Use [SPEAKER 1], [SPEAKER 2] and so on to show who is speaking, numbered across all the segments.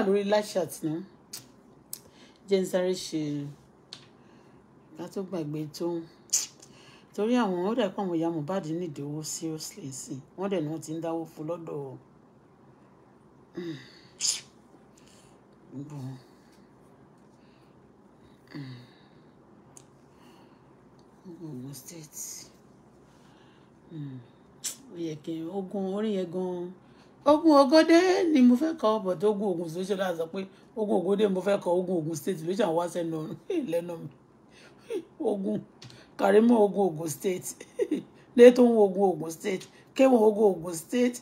[SPEAKER 1] wà lórí live chat náà jẹ́ ń sáré ṣe ká tó gbàgbé tó ń torí àwọn ọ̀dà ẹ̀kọ́ àwọn ìyá Mohbad nídìí owó seriously sí i wọ́n dẹ̀ ni wọ́n ti ń dáwó fún lọ́dọ̀ gbogbo wọn. Ogun State hmm. ó yẹ kí ogun orí yẹn gan-an ogun ogode ni mo fẹ́ kọ́ but ogun ogun tó ṣe láti sọ pé ogun ogode mo fẹ́ kọ́ ogun ogun state ló ṣàn wá sẹ́nu lẹ́nu mi ogun kàrímọ́ ogun ogun state lẹ́tọ̀ ń ogun ogun state kéwọn ogun ogun state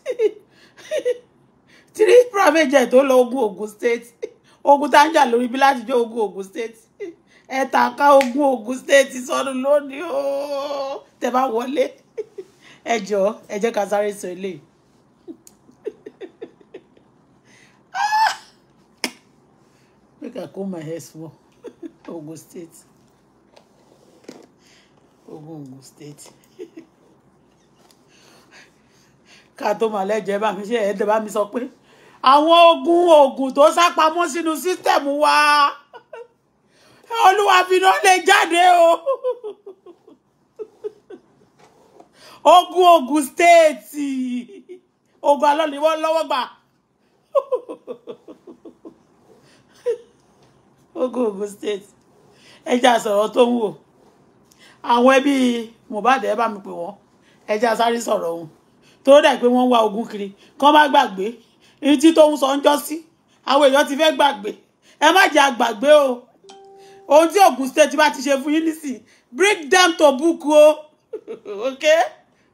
[SPEAKER 1] three private jet tó lọ ogun ogun state ogun tá ń jà lórí bí láti jọ ogun ogun state ẹ̀ta ká ogun ogun state sọnù lónìí ó tẹ bá wọlé ẹjọ ẹ jẹ́ sọ eléyìí. make i comb my hair small ogun state ogun ogun state ká tó máa lẹ́jọ́ ẹ bá mi ṣe ẹ̀ẹ́dẹ̀ bá mi sọ pé àwọn ogun oògùn tó sápamọ́ sínú sísítẹ̀mù wa olúwa finá lè jáde o ogun ogun stéètì ogun alọ́ni wọ́n lọ́wọ́ gbà ogun ogun state ẹja sọ̀rọ̀ tó ń wò àwọn ẹbí Mohbad ẹ bá mi pè wọ́n ẹja sáré sọ̀rọ̀ òun tó dà pé wọ́n wá ogun kiri kán má gbàgbé ìtí tó ń sọ ń jọ́sí àwọn èèyàn ti fẹ́ gbàgbé ẹ má jẹ́ àgbàgbé o ohun tí ogun state bá ti ṣe fún yín nísìn bring them to book o okay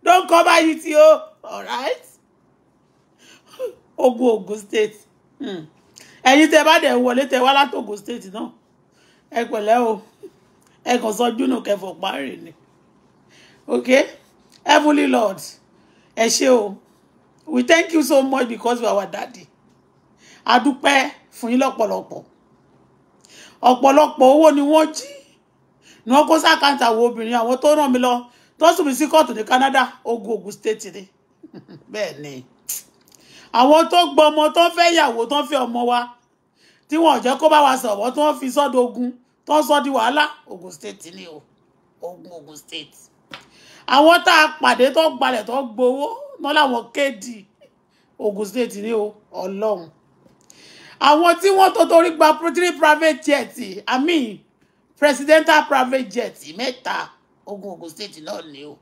[SPEAKER 1] don't cover you ti o alright ogun ogun state. Hmm ẹ̀yin tẹ́ bá dẹ̀ wọlé tẹ́ wá látògò state náà ẹ pẹ̀lẹ́ o ẹ kàn sọ júnù kẹfọ parí ni ok heavenly lord ẹ ṣé o we thank you so much because you are our daddy a dúpẹ́ fún yín lọ́pọ̀lọpọ̀ ọ̀pọ̀lọpọ̀ owó ni wọ́n jí ni wọ́n kó sákàǹtà wo obìnrin àwọn tó ràn mí lọ tó sùn mí sí kóòtù ní Canada ogun Ogun state ni bẹ́ẹ̀ ni àwọn tó gbọ́ ọmọ tó fẹ́ yàwó tó fẹ́ ọmọ wa tí wọn ò jẹ́ kó bá wa sọ̀rọ̀ tó fi sọ́dọ̀ ogun tó sọ di wàhálà Ogun State ni o ogun Ogun State àwọn tá a pàdé tó gbalẹ̀ tó gbowó náà làwọn kéde Ogun State ni o Ọlọ́run àwọn tí wọ́n tó torí gba three private jet i mean presidential private jet mẹ́ta ogun Ogun State náà ni o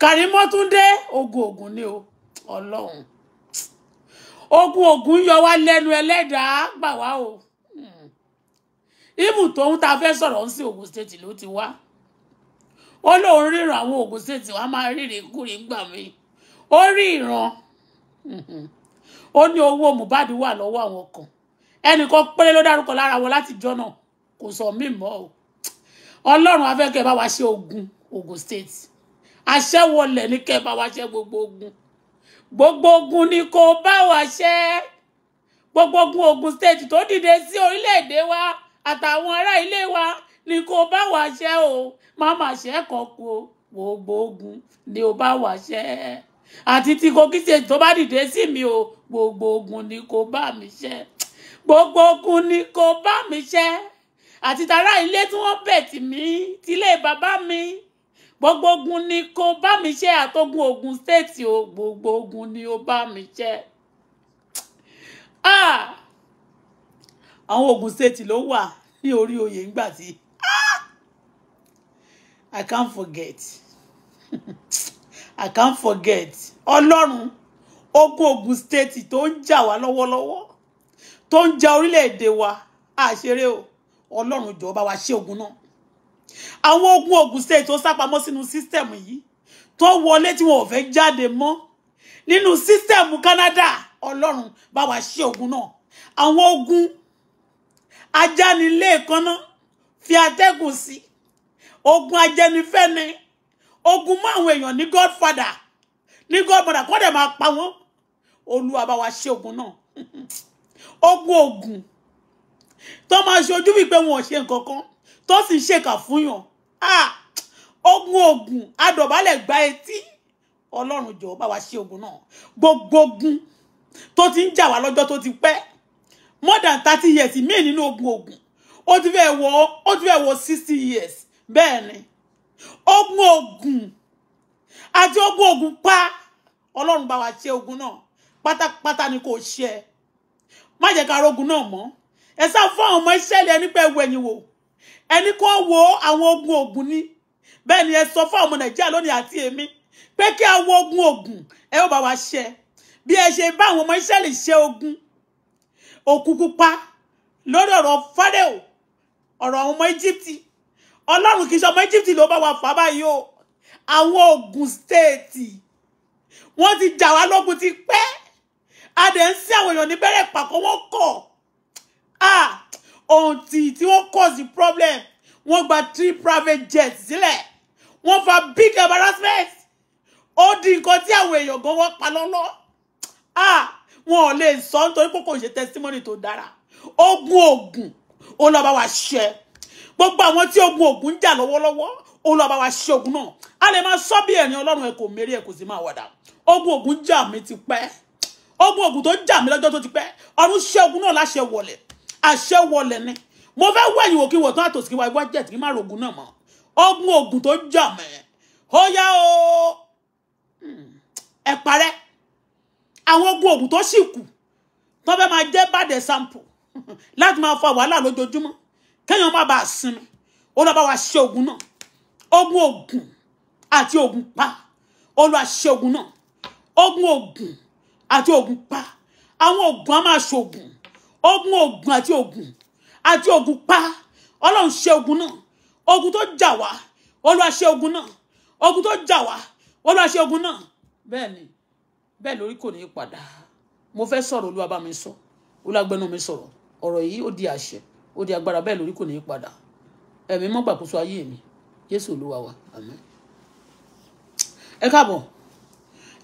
[SPEAKER 1] Kàrímọ́túndé ogun ogun ni o Ọlọ́run ogun ogun yọ wá lẹ́nu ẹlẹ́dàá gbà wá o ibù tóun ta fẹ́ sọ̀rọ̀ ń sí Ògùn state ló ti wá ó lóun ríran àwọn Ògùn state wàá máa ríre kúrin gbà mí ó rí ìran ó ní owó Mohbad wà lọ́wọ́ àwọn kan ẹnìkan péré ló dárúkọ lára wọn láti jọ náà kò sọ mí mọ́ o Ọlọ́run afẹ́kẹ́ bá wa ṣe ogun Ògùn state àṣẹwọlẹ̀ ní kẹ́ bá wa ṣe gbogbo ogun gbogbo ogun ni kò bá wa ṣẹ́ gbogbo ogun Ògùn state tó dìde sí orílẹ̀-èdè wa àtàwọn ará ilé wa ni kò bá wa ṣẹ́ o má má ṣẹ́ kọ̀ọ̀kọ̀ gbogbo ogun ni ò bá wa ṣẹ́ àti tí Kogi state tó bá dìde sí mi o gbogbo ogun ni kò bá mi ṣẹ́ gbogbo ogun ni kò bá mi ṣẹ́ àti tàrá ilé tí wọ́n bẹ̀ tì mí tilé bàbá mi gbogbo ogun ni kò bá mi ṣe àtogun Ògùn state o gbogbo ogun ni ó bá mi ṣe ah! àwọn Ògùn state ló wà ní orí oyè ńgbà tí ah! I can't forget I can't forget Ọlọ́run ogun Ògùn state tó ń jà wá lọ́wọ́lọ́wọ́ tó ń ja orílẹ̀-èdè wa àṣeré o Ọlọ́run jọ̀ọ́ wa ṣe ogun náà àwọn ogun Ògùn state tó sápamọ́ sínú system yìí tó wọlé tí wọn ò fẹ́ jáde mọ́ nínú system Canada ọlọ́run bá wa ṣe ogun náà àwọn ogun ajánilé kaná fi atẹ́gùn sí ogun ajẹnifẹ́ni ogun mọ́ àwọn èèyàn ní godfather ní godmother kọ́ dẹ̀ máa pa wọ́n olúwa bá wa ṣe ogun náà ogun ogun tó máa ṣojú wípé wọn ò ṣe nǹkan kan tó sì ń ṣèkà fún yàn ah, ogun ogun adọ̀bálẹ̀ gba etí ọlọ́run jọ̀ọ́ bá wa ṣe ogun náà gbogbo ogun tó ti ń jà wá lọ́jọ́ tó ti pẹ́ more than thirty years míì nínú ogun ogun ó ti fẹ́ wọ ó ti fẹ́ wọ sixty years bẹ́ẹ̀ ni ogun ogun àti ogun ogun pa ọlọ́run bá wa ṣe ogun náà pátápátá ni kò ṣe má jẹ́ ká rogun náà mọ́ ẹ sá fún àwọn ọmọ ìṣẹ̀lẹ̀ nípa ẹ̀wù ẹ̀yìn wò ẹni kó wo àwọn ogun ogun ni bẹ́ẹ̀ ni ẹ sọ fún ọmọ nàìjíríà lónìí àti èmi pé kí a wo ogun ogun ẹ ó bá wa ṣe bí ẹ ṣe bá àwọn ọmọ ìṣẹ̀lẹ̀ ṣe ogun òkun pupa lórí ọ̀rọ̀ fárẹ́ò ọ̀rọ̀ àwọn ọmọ íjíbítì ọlọ́run kì í ṣe ọmọ íjíbítì ló bá wa fà báyìí o àwọn ogun stéètì wọ́n ti jà wá lógun ti pẹ́ a dẹ̀ ń sí àwọn èèyàn ní bẹ́rẹ̀ pàkó wọ́n kọ̀ ah! until tí wọ́n cause the problem wọ́n gba three private jets sílẹ̀ wọ́n fa big embarrassment ó di nǹkan tí àwọn èèyàn gan wọ́n pa lọ́lọ́ ah wọn ò lè sọ nítorí pé kò ṣe testimony tó dára ogun ogun ó lọ bá wa ṣe gbogbo àwọn tí ogun ogun ń jà lọ́wọ́lọ́wọ́ ó lọ bá wa ṣe ogun náà a lè máa sọ bí ẹ̀rín ọlọ́run ẹ kò mérí ẹ kò sì máa wàdà ogun ogun jà mí ti pẹ́ ogun ogun tó jà mí lọ́jọ́ tó ti pẹ́ ọdún ṣe ogun náà láṣẹ wọlé àṣẹ wọlẹ̀ ni mo fẹ́ wẹ̀yìn wò kí wọ̀ tán àtòsí kí wá iwájú ẹ̀ tí kí má rogun náà mọ́ ogun ogun tó jà mẹ́ ó yá o hmm. ẹ parẹ́ àwọn ogun ogun tó sì kù tó fẹ́ máa jẹ́ bad example láti máa fa wàhálà lójoojúmọ́ kéèyàn má bàa sinmi ó lọ́ bá wa ṣe ogun náà ogun ogun àti ogun pa olú àṣẹ ogun náà ogun ogun àti ogun pa àwọn ogun á máa ṣogun ogun ogun àti ogun àti ogun pa ọlọ́run ṣe ogun náà ogun tó jà wá olúwa ṣe ogun náà ogun tó jà wá olúwa ṣe ogun náà bẹ́ẹ̀ ni bẹ́ẹ̀ lórí kò ní í padà mo fẹ́ sọ̀rọ̀ olúwa bá mi sọ olúwa gbẹ́nu mi sọ̀rọ̀ ọ̀rọ̀ yìí ó di àṣẹ ó di agbára bẹ́ẹ̀ lórí kò ní í padà ẹ̀mí mọ́ gbàkóso ayé mi jésù olúwa wa àmín. ẹ káàbọ̀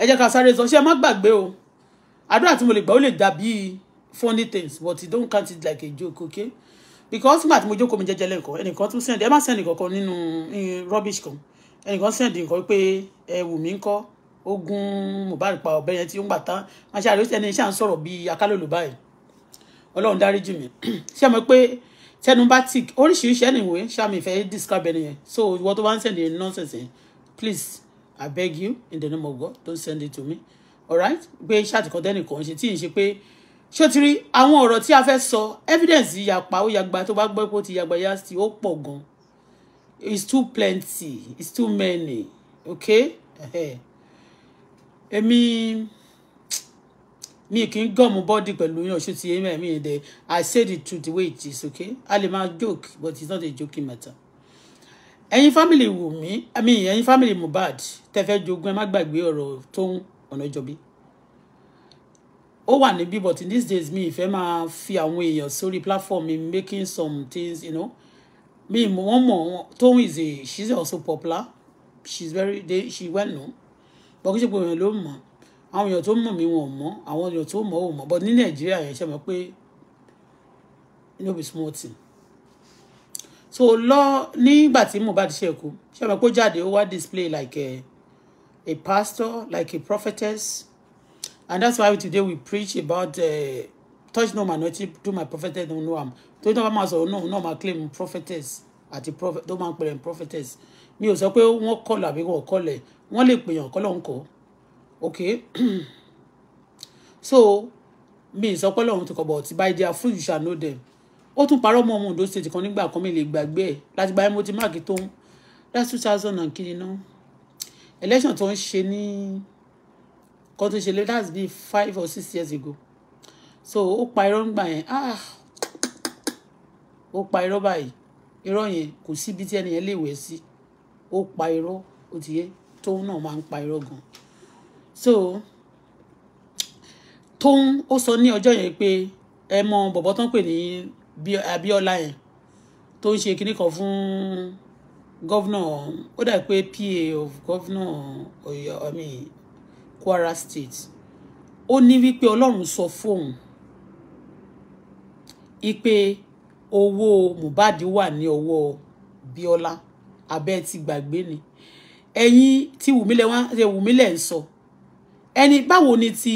[SPEAKER 1] ẹ jẹ́ ká sáré sọ ṣé ẹ má gbàgbé o àdúrà tí mo lè gbà ó lè dà funny things but you don't count it like a joke okay because nígbà tí mo jókòó mi jẹ́jẹ́ lẹ́kọ̀ọ́ ẹnìkan tún send ẹ má send nǹkan kan nínú eh, rubbish kan ẹnìkan send nǹkan pé ẹ wù mí ńkọ́ ogun Mohbad pa ọ̀bẹ yẹn tí ó ń gbà tán máa ṣe àríwísí ẹni ṣáà ń sọ̀rọ̀ bíi akálòlò báyìí Ọlọ́run dáríjì mi ṣé mo pé tẹnu bá tì oríṣiríṣi ẹnìwé ṣáàmì ìfẹ́ describe ẹni yẹn so ìwọ tó bá ń send the nonsense yẹn please I beg you in the name of God don't send it to me alright pé ṣáàtì kan tẹ́nìkan ṣe tí ì ṣe pé ṣé o ti rí àwọn ọ̀rọ̀ tí a fẹ́ sọ evidence yàpá ó yàgbá tó bá gbọ́ pé ó ti yàgbá yá sí ó pọ̀ gan it's too plenty it's too many okay èmi mi kì í gọ̀mù bọ́dì pẹ̀lú yàn ṣó ti yé mi dẹ̀ i say the truth the way it is okay a lè máa joke but it's not a joking matter ẹ̀yin family Wùmí i mean ẹ̀yin family Mohbad tẹ́ fẹ́ jogún ẹ má gbàgbé ọ̀rọ̀ Tóun Ọ̀nàjọ́bí ó wà níbí but in these days mi ìfẹ́ máa fi àwọn èèyàn sórí platform mi making some things you know mi mo wọ́n mọ̀ Tóun is a she's also popular She's very they, she well known but kí ṣe pé èèyàn ló mọ̀ àwọn èèyàn tó mọ̀ mí wọn ò mọ̀ àwọn èèyàn tó mọ̀ ò mọ̀ but ní Nàìjíríà yẹn ṣe mọ̀ pé no be small thing so lọ nígbà tí Mohbad ṣe kú ṣe mọ̀ pé ó jáde ó wá display like a, a pastor like a prophetess and that's why today we preach about uh, touch no man minority do my prophetess don't know am torí tó man so no no náà claim prophetess at the prophet Don't máa ń prophetess Me ò sọ pé wọ́n kọlù àbí wọ́n kọlẹ̀ wọ́n lè pèèyàn kọ́lọ̀ ń kọ́ okay so me ì sọ pé lọ́run ti kọ̀ bọ̀ ti by their fruit you shall know them ó paro parọ́ mọ́ ọmọ Ondo state kan nígbà kan mi lè gbàgbé ẹ̀ láti gba ẹmọ́tí máàkì tó ń that's two thousand and kìíní náà election tó ń Ni kan tó ṣe lé that's been five or six years ago so ó pa irọ́ ńgbà yẹn ah ó pa irọ́ báyìí irọ́ yẹn kò síbi tí ẹnìyẹn lè wẹ̀ sí ó pa irọ́ ó ti yé tóun náà máa ń pa irọ́ gan so tóun ó sọ ní ọjọ́ yẹn pé ẹ mọ bọ̀bọ̀ tán pè ní Abíọ́lá yẹn tó ń ṣe kinní kan fún gọ́vnà ó dà pé pa of gọ́vnà ọ̀yọ́ I Kwara State ó ní wípé ọlọ́run sọ fóun ipe owó Mohbad wà ní ọwọ́ Bíọ́lá abẹ́ ti gbàgbé ni ẹ̀yin tí wùmílẹ̀ wá ṣe wùmílẹ̀ ń sọ ẹni báwo ni ti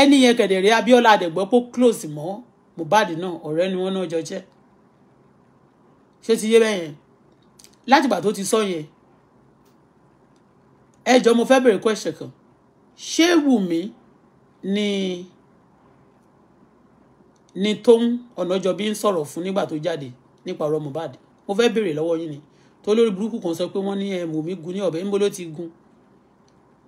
[SPEAKER 1] ẹni yẹn kẹ̀dẹ̀rẹ́ Abíọ́lá àdẹ̀gbọ́ pé close mọ́ Mohbad náà ọ̀rẹ́ ni wọ́n náà jọ jẹ́ ṣé ti yé bẹ́ẹ̀ yẹn látìgbà tó ti sọ yẹn ẹ jọ mo fẹ́ bèrè question kan ṣé Wùmí ni ni Tóun Ọ̀nàjọ́bí ń sọ̀rọ̀ fún nígbà tó jáde nípa ọ̀rọ̀ Mohbad mo fẹ́ béèrè lọ́wọ́ yín ni tó lórí burúkú kan sọ pé wọ́n ní ẹ̀ Wùmí gun ní ọ̀bẹ níbo ló ti gun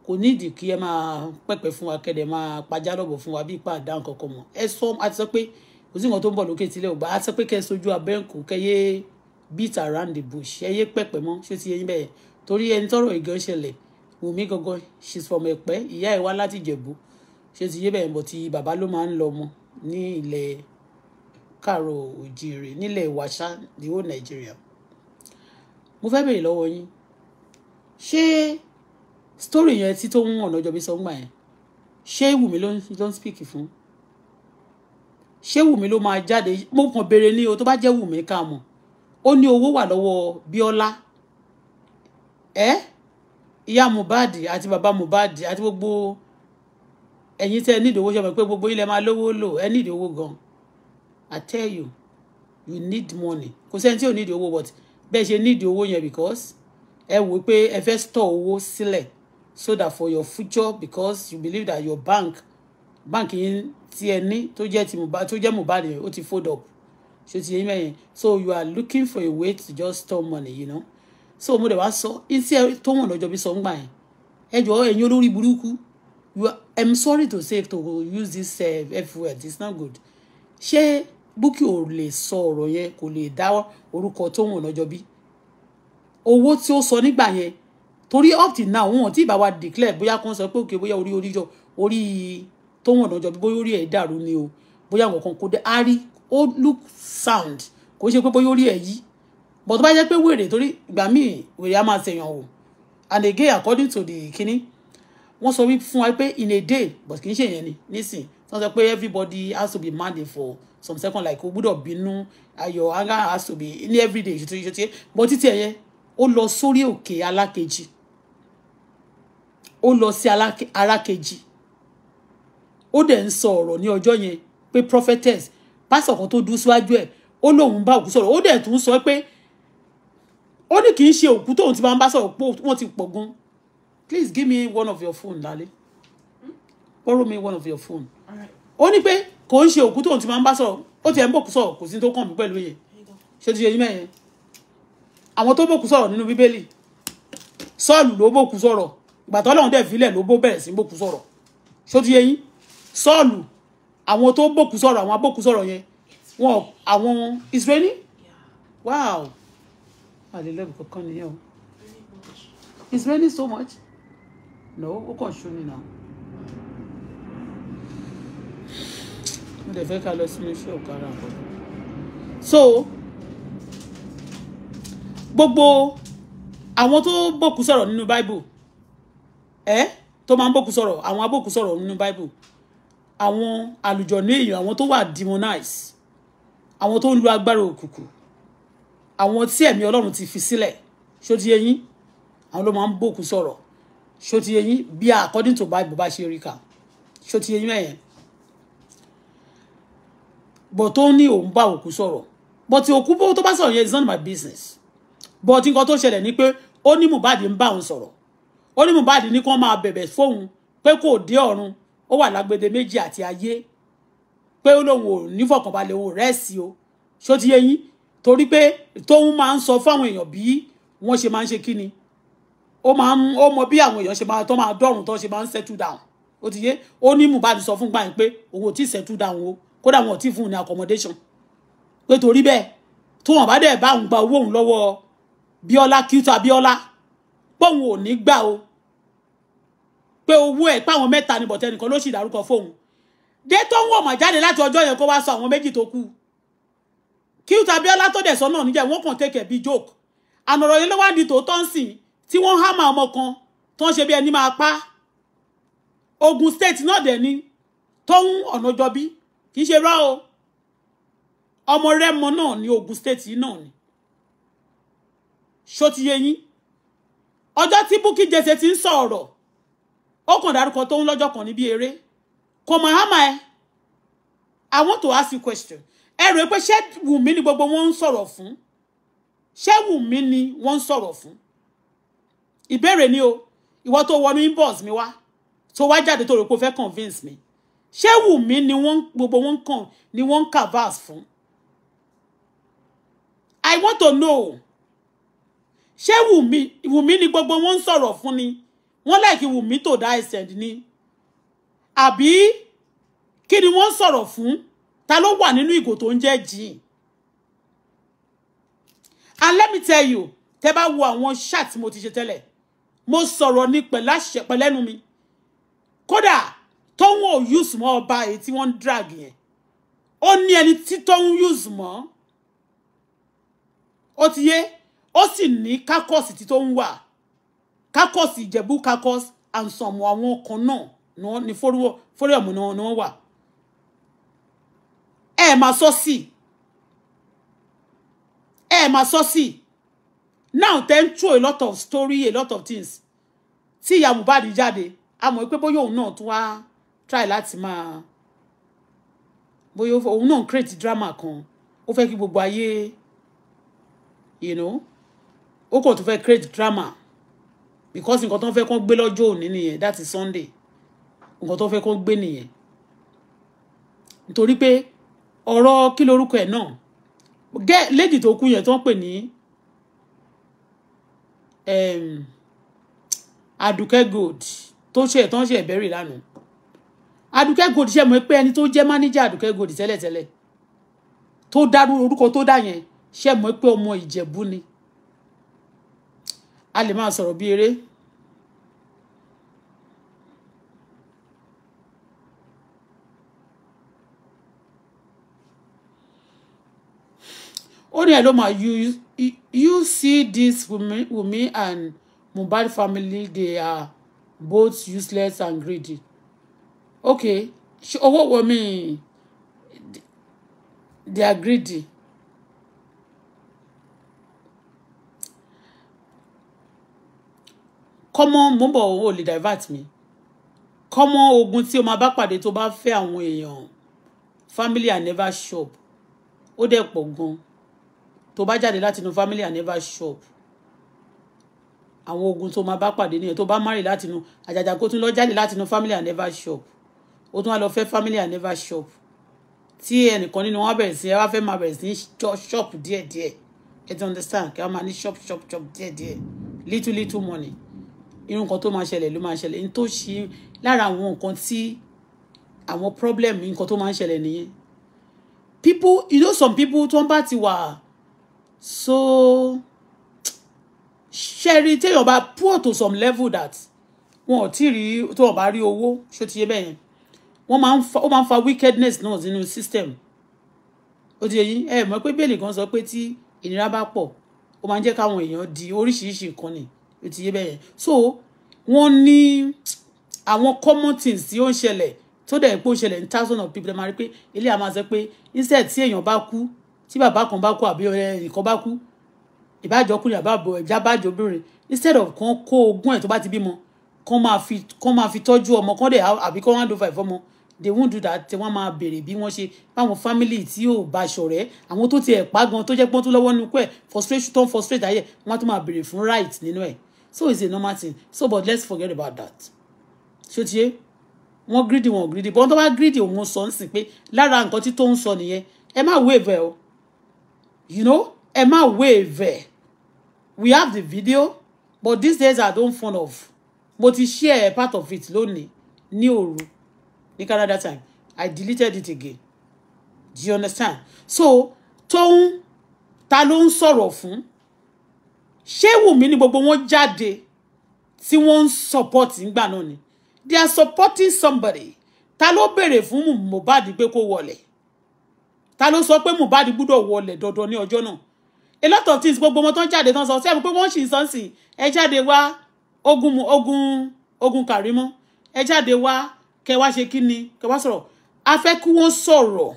[SPEAKER 1] kò nídìí kí ẹ máa pẹ̀pẹ̀ fún wa kẹ́dẹ̀ máa pajá lọ́bọ̀ fún wa bí ipa àdá nǹkan kan mọ̀ ẹ sọ àti sọ pé kò sí nǹkan tó ń bọ̀ lókè tílẹ̀ ò bá a sọ pé kẹ́ ẹ sojú abẹ́ǹkù kẹ́ yé beat around the bush ẹ yé pẹ̀pẹ̀ mọ́ ṣé ti yẹ yín bẹ́ẹ̀ torí ẹni tọ́rọ̀ ìgan wùmí gangan she's from ẹ̀pẹ́ ìyá ẹ̀ wá láti ìjẹ̀bú ṣé ti yé bẹ́ẹ̀ bọ̀ ti bàbá ló máa ń lọ ọmọ ní ilẹ̀ káàrọ̀ òjìrè nílẹ̀ ìwàṣà ní whole Nigeria mo fẹ́ bèrè lọ́wọ́ yín ṣé story yẹn tí tó ń ọ̀nà ọjọ́ bí sọ ń gbà yẹn ṣé wùmí ló ń speak fún ṣé wùmí ló máa jáde mo kàn béèrè ní o tó bá jẹ́ wùmí ká mọ̀ ó ní owó wà lọ́wọ́ Bíọ́lá ẹ́ eh? ìyá Mohbad àti bàbá Mohbad àti gbogbo ẹ̀yin tẹ́ ẹ ní ìdòwò ṣọmọ pé gbogbo ilẹ̀ máa lówó lò ẹ ní ìdòwò gan I tell you you need money kò sẹ́ni tí ò ní ìdòwò but bẹ́ẹ̀ ṣe ní ìdòwò yẹn because ẹ wò pé ẹ fẹ́ store owó sílẹ̀ so that for your future because you believe that your bank bank yín tí ẹ ní tó jẹ́ ti Mohbad tó jẹ́ Mohbad yẹn ó ti fold up ṣe ti yẹn mẹ́yìn so you are looking for a way to just store money you know so mo dẹ̀ wá sọ etí ẹ tó wọ̀n lọ́jọ́ bí sọ ń gbà yẹn ẹ jọ ẹ̀yin olórí i'm sorry to say to use this uh, f word it's not good ṣé Bukky ò lè sọ ọ̀rọ̀ yẹn kò lè dá orúkọ tó wọ̀n lọ́jọ́ bí owó tí ó sọ nígbà yẹn torí up till now wọn tí ìbá declare Boya kan sọ pé òkè bóyá orí orí jọ orí tó wọ̀n lọ́jọ́ bí Boya orí ẹ̀ dàrú ni o bóyá àwọn kan kó dé a rí look sound kò ṣe pé bóyá orí ẹ̀ yìí but tó bá jẹ́ pé wèrè torí ìgbà míì wèrè á máa tẹ̀yàn o and again according to the kínní wọ́n sọ fún wa pé in a day but kì í ṣe yẹn ni nísìn wọ́n sọ pé everybody has to be mad for some second like o gbúdọ̀ bínú ayọ̀ anger has to be ní everyday ṣètò ṣètò but títí ẹ̀yẹ ó lọ sórí òkè alákejì ó lọ sí arákejì ó dẹ̀ ń sọ ọ̀rọ̀ ní ọjọ́ yẹn pé prophetess pásọ̀ kan tó dúró síwájú ẹ̀ ó lóun bá òkú sọ̀rọ̀ ó dẹ̀ tún sọ pé ó ní kì í ṣe òkú tóun ti máa ń bá sọ̀rọ̀ pé wọ́n ti pọ̀ gan please give me one of your phone lálẹ́ borrow me one of your phone ó ní pé kò ń ṣe òkú tóun ti máa ń bá sọ̀rọ̀ ó ti ẹ̀ ń bòkú sọ̀rọ̀ kò sí tó kàn mí pẹ̀lú yẹn ṣé ti ṣe yín mẹ́yẹn àwọn tó bòkú sọ̀rọ̀ nínú bíbélì sọ́ọ̀lù ló bòkú sọ̀rọ̀ gbàtọ́ lọ́hún dẹ̀ fílẹ̀ ló bó bẹ̀rẹ̀ sí bòkú sọ̀rọ̀ ṣé ti ṣe yín sọ́ọ̀lù àwọn tó bòkú sọ̀rọ̀ àwọn abòkú sọ̀rọ̀ yẹn wọn àwọn israeli wow àlelẹ́bù ah, kankan nìyẹn o it's raining so much no ó kàn ṣó ni náà mo dẹ̀ fẹ́ ká lọ sínú iṣẹ́ ọ̀kára àbọ̀ so gbogbo àwọn tó bòkú sọ̀rọ̀ nínú bible ẹ tó máa ń bòkú sọ̀rọ̀ àwọn abòkú sọ̀rọ̀ nínú bible àwọn àlùjọ̀nú èèyàn àwọn tó wà demonize àwọn tó ń lu agbára òkùnkùn àwọn tí ẹ̀mí ọlọ́run ti fi sílẹ̀ ṣó ti yé yín àwọn ló máa ń bòkun sọ̀rọ̀ ṣó ti yé yín bí according to bible bá ṣe rí kà ṣó ti yé yín ẹ̀yẹn bọ̀ tó ní òun bá òkú sọ̀rọ̀ bọ̀ tí òkú bó tó bá sọ̀rọ̀ yẹn is not my business bọ̀ tí nǹkan tó ṣẹlẹ̀ ni pé ó ní Mohbad ń bá òun sọ̀rọ̀ ó ní Mohbad ní kí wọ́n máa bẹ̀bẹ̀ fóun pé kò dé ọ̀run ó wà lágbede méjì àti ayé pé ó lóun ò nífọ̀kànbalẹ̀ òun rẹ́ẹ̀sì o ṣó ti yé yín torí pé tóun máa ń sọ fáwọn èèyàn bí wọ́n ṣe máa ń ṣe kí ni ó máa ń ó mọ bí àwọn èèyàn ṣe máa tó máa dọ̀rùn tó ṣe máa ń settle down ó ti yé ó ní Mohbad sọ fún gbàyìn pé òun ò tí ì settle down o kódà wọn ò tí ì fún un ní accommodation pé torí bẹ́ẹ̀ tó wọn bá dẹ̀ bá òun gba owó òun lọ́wọ́ Bíọ́lá kíútà Biola. póun ò ní gbà o pé owó ẹ̀ páwọn mẹ́ta ni bọ̀tẹ́nìkan ló sì dárúkọ fóun dé tó ń wọ̀ mọ̀ jáde láti ọjọ́ yẹn kó wá sọ àwọn méjì tó kù Cute Abiola tó dẹ̀ sọ náà níjà wọ́n kàn take ẹ̀ bí joke àmọ́ ọ̀rọ̀ yẹn ló wá di tòótọ́ ń sìn tí wọ́n hámà ọmọ kan tó ń ṣe bí ẹni máa pa Ogun State náà dẹ̀ ni tó ń ọ̀nà jọbí kì í ṣe rá o ọmọ Rẹ́mọ náà ní Ogun State náà ni ṣó ti yé yín ọjọ́ tí Bukky Jesse ti ń sọ ọ̀rọ̀ ó kàn dárúkọ tó ń lọ́jọ́ kan níbi eré kò mọ̀ hámà ẹ I want to ask you question ẹ rò pé ṣé Wùmí ni gbogbo wọn ń sọ̀rọ̀ fún ṣé Wùmí ni wọ́n ń sọ̀rọ̀ fún ìbéèrè ni o ìwọ tó wọnú inbox mi wá tó wá jáde tó rò pé o fẹ́ convince mi ṣé Wùmí ni wọ́n gbogbo wọn kàn ni wọ́n ń canvas fún I want to know ṣé Wùmí Wùmí ni gbogbo wọn ń sọ̀rọ̀ fún ni wọ́n láìkí Wùmí tó dá ẹsẹ̀ ni àbí kí ni wọ́n sọ̀rọ̀ fún ta ló wà nínú ìgò tó ń jẹ́ gin and let me tell you tẹ́ bá wo àwọn ṣáà tí mo ti ṣe tẹ́lẹ̀ mo sọ̀rọ̀ ní pẹ̀láṣẹ pẹ̀lẹ́nu mi kódà tóun ò use mọ́ ọba èyí tí wọ́n ń drag yẹn ó ní ẹni tí tóun use mọ́ ó ti yé ó sì ní kákọ́ọ̀sì tí tóun wà kákọ́ọ̀sì ìjẹ̀bú kákọ́ọ̀sì àǹsọ̀mù àwọn kan náà ní fórí ọ̀mù ni wọ́n wà ẹ máa sọ sí ẹ máa sọ now tẹ́ ń throw a lot of story a lot of things tí ìyá Mohbad jáde a mọ̀ pé bóyá òun náà tún wá try láti máa bóyá òun náà create drama kan ó fẹ́ kí gbogbo ayé you know ó kò tún fẹ́ create drama because nǹkan tó ń fẹ́ kán gbé lọ́jọ́ òní nìyẹn that is Sunday nǹkan tó ń fẹ́ kán gbé nìyẹn nítorí pé ọ̀rọ̀ kí lorúkọ ẹ̀ náà gẹ́ lady tó kú yẹn tó ń pè ní Àdùkẹ́ Gold tó ṣe tó ń ṣe ẹ̀bẹ́rì lánàá Àdùkẹ́ Gold ṣe mọ̀ pé ẹni tó jẹ́ mánéjà Àdùkẹ́ Gold tẹ́lẹ̀tẹ́lẹ̀ tó dárú orúkọ tó dá yẹn ṣe mọ̀ pé ọmọ Ìjẹ̀bú ni a lè máa sọ̀rọ̀ bí eré Only I don't mind you you see this Wumi, Wumi and mobile family they are both useless and greedy okay ṣe what wo mi they are greedy. Come on, mobile only owó lè divert mi kọ́mọ́ ogun tí o máa bá pàdé tó bá fẹ́ àwọn èèyàn family and never shop ó dẹ̀ pọ̀ gan tó bá jáde láti inú family and never shop àwọn ogun tó máa bá pàdé nìyẹn tó bá marry láti inú àjàjà kó tún lọ jáde láti inú family and never shop ó tún wá lọ fẹ́ family and never shop tí ẹnìkan nínú wọn bẹ̀rẹ̀ sí ẹ wá fẹ́ máa bẹ̀rẹ̀ sí shop díẹ̀díẹ̀ ẹ ti understand kí wọ́n máa ní shop shop shop díẹ̀díẹ̀ little little money irú nǹkan tó máa ṣẹlẹ̀ ló máa ṣẹlẹ̀ ní tó ṣe lára àwọn nǹkan tí àwọn problem nǹkan tó máa ń ṣẹlẹ̀ nìyẹn people you know some people tó ń bá ti wà. Wa so ṣẹ́rí téèyàn bá poor to some level that wọn ò tí ì rí tó wọn bá rí owó ṣó ti yé bẹ́ẹ̀ yẹn wọ́n máa ń fa ó máa ń fa wickedness náà nínú system ó ti yé yín ẹ mọ̀ pé bẹ́ẹ̀lì kan sọ pé tí ìnira bá pọ̀ ó máa ń jẹ́ káwọn èèyàn di oríṣiríṣi nǹkan ni ó ti yé bẹ́ẹ̀ yẹn so wọ́n ní àwọn common things tí ó ń ṣẹlẹ̀ tó dẹ̀ pé ó ṣẹlẹ̀ ní thousand of people ẹ máa rí pé ilé àmà sọ pé instead tí èèyàn bá kú tí bàbá kan bá kú àbí ẹnìkan bá kú ìbájọkùnrin àbábọ ẹja bájọ obìnrin instead of kan kó ogún ẹ̀ tó bá ti bímọ kan máa fi kan máa fi tọ́jú ọmọ kan dẹ̀ àbí kan wọ́n dọ́fà ìfọ́mọ they won't do that tí wọ́n máa béèrè bí wọ́n ṣe báwọn family tí ò bá ṣọ̀rẹ́ àwọn tó ti ẹ̀ pa gan tó jẹ́ pọ́n tó lọ́wọ́ nínú pẹ́ frustration tó ń frustrate ayẹ wọ́n á tún máa béèrè fún right nínú ẹ̀ so it's a normal thing so but let's forget about that ṣó tiẹ́ wọ́n greedy wọ́n greedy but wọ́n tó bá greedy òun sọ ń sìn pé lára nǹkan tí tó ń sọ nìyẹn ẹ má wave ẹ o you know Emma wave we have the video but these days i don't fun of But he share a part of it lónìí New, òru ní Canada time i deleted it again do you understand so tóun ta ló ń sọ̀rọ̀ fún ṣé Wùmí ni gbogbo wọn jáde support ńgbà náà they are supporting somebody Talo ló béèrè fún Mohbad pé ta ló sọ pé Mohbad gbúdọ̀ wọlẹ̀ dandan ní ọjọ́ náà a lot of things gbogbo ọmọ tó ń jáde tán sọ sí ẹ̀mú pé wọ́n sì ń sọ sí ẹ jáde wá ogun ogun ogun Karimo ẹ jáde wá kẹ wá ṣe kí ni kẹ wá sọ̀rọ̀ a fẹ́ kí wọ́n sọ̀rọ̀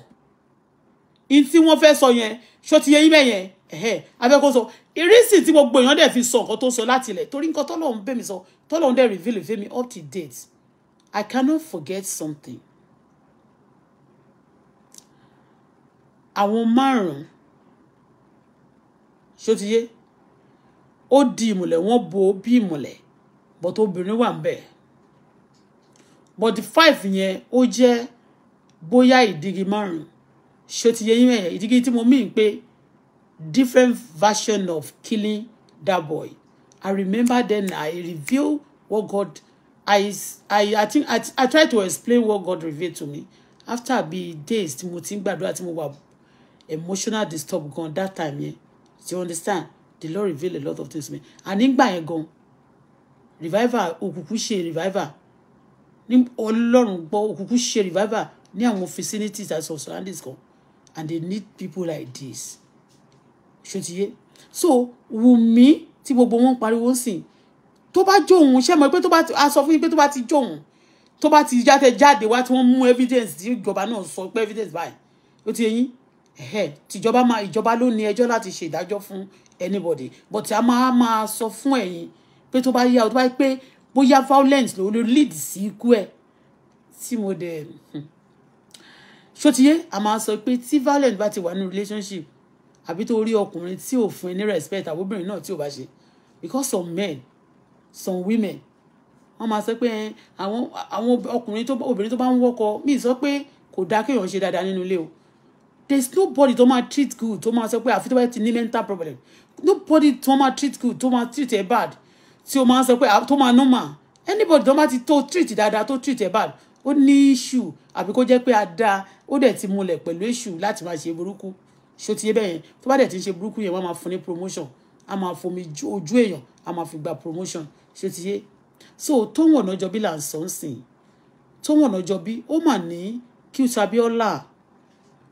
[SPEAKER 1] in tí wọ́n fẹ́ sọ yẹn ṣó ti yẹ yín bẹ́yẹn ẹ̀hẹ́ a fẹ́ kó sọ ìrísì tí gbogbo èèyàn dẹ̀ fi sọ nǹkan tó sọ láti ilẹ̀ torí nǹkan tọ́lọ́run bẹ́mi sọ tọ́lọ́run dẹ̀ reveal ìfẹ́ mi up to date I cannot forget something àwọn márùn-ún ṣó ti yé ó di ìmùlẹ̀ wọ́n bo bí ìmùlẹ̀ but obìnrin wà ń bẹ̀ but the five yẹn ó jẹ́ bóyá ìdígi márùn-ún ṣó ti yé yín ẹ̀yẹ ìdígi tí mo mí pé different version of killing that boy I remember then I reveal what God I I I think I, I try to explain what God revealed to me after bíi days tí mo ti ń gbàdúrà tí mo wà emotional disturb gan that time yẹn you understand the Lord reveal a lot of things to me and nígbà yẹn gan revival òkùnkùn ṣe revival ní ọlọ́run gbọ́ òkùnkùn ṣe revival ní àwọn facilities that are surroundings kan and they need people like this ṣòtìyé so Wùmí tí gbogbo wọn pariwo sìn tó bá jóun ṣé mọ̀ pé tó bá a sọ fún yín pé tó bá ti jóun tó bá ti jáde jáde wá tí wọ́n mú evidence tí ìjọba náà sọ pé evidence báyìí ó ti yẹ yín tìjọba máa ìjọba ló ní ẹjọ́ láti ṣe ìdájọ́ fún anybody but a máa máa sọ fún ẹ̀yin pé tó bá yá o tó bá pé bóyá violence ló ló lead sí ikú ẹ̀ tí mo dẹ̀ ṣótiyé a máa sọ pé tí violence bá ti wà ní relationship àbí tó rí ọkùnrin tí ò fún ẹ ní respect àbóbìnrin náà tí ò bá ṣe because some men some women wọ́n máa sọ pé àwọn ọkùnrin tó obìnrin tó bá ń wọ́kọ míì sọ pé kò dáa kéèyàn ṣe dáadáa nínú ilé o there's nobody to máa treat good to máa sọ pé àfi tó bá ti ní mental problem nobody to máa treat good to máa treat ẹ bad tí o máa sọ pé tó no normal anybody to máa ti tó treat dáadáa tó treat ẹ bad ó ní issue àbí kó jẹ́ pé a dáa ó dẹ̀ ti múlẹ̀ pẹ̀lú issue láti máa ṣe burúkú ṣó ti yé bẹ́ẹ̀ yẹn tó bá dẹ̀ ti ń ṣe burúkú yẹn wọ́n máa fún ní promotion a máa fomi ojú èèyàn a máa fi gba promotion ṣó ti yé so Tóun Ọ̀nàjọ́bí là ń sọ ń sìn Tóun Ọ̀nàjọ́bí ó mà ní kí o tàbí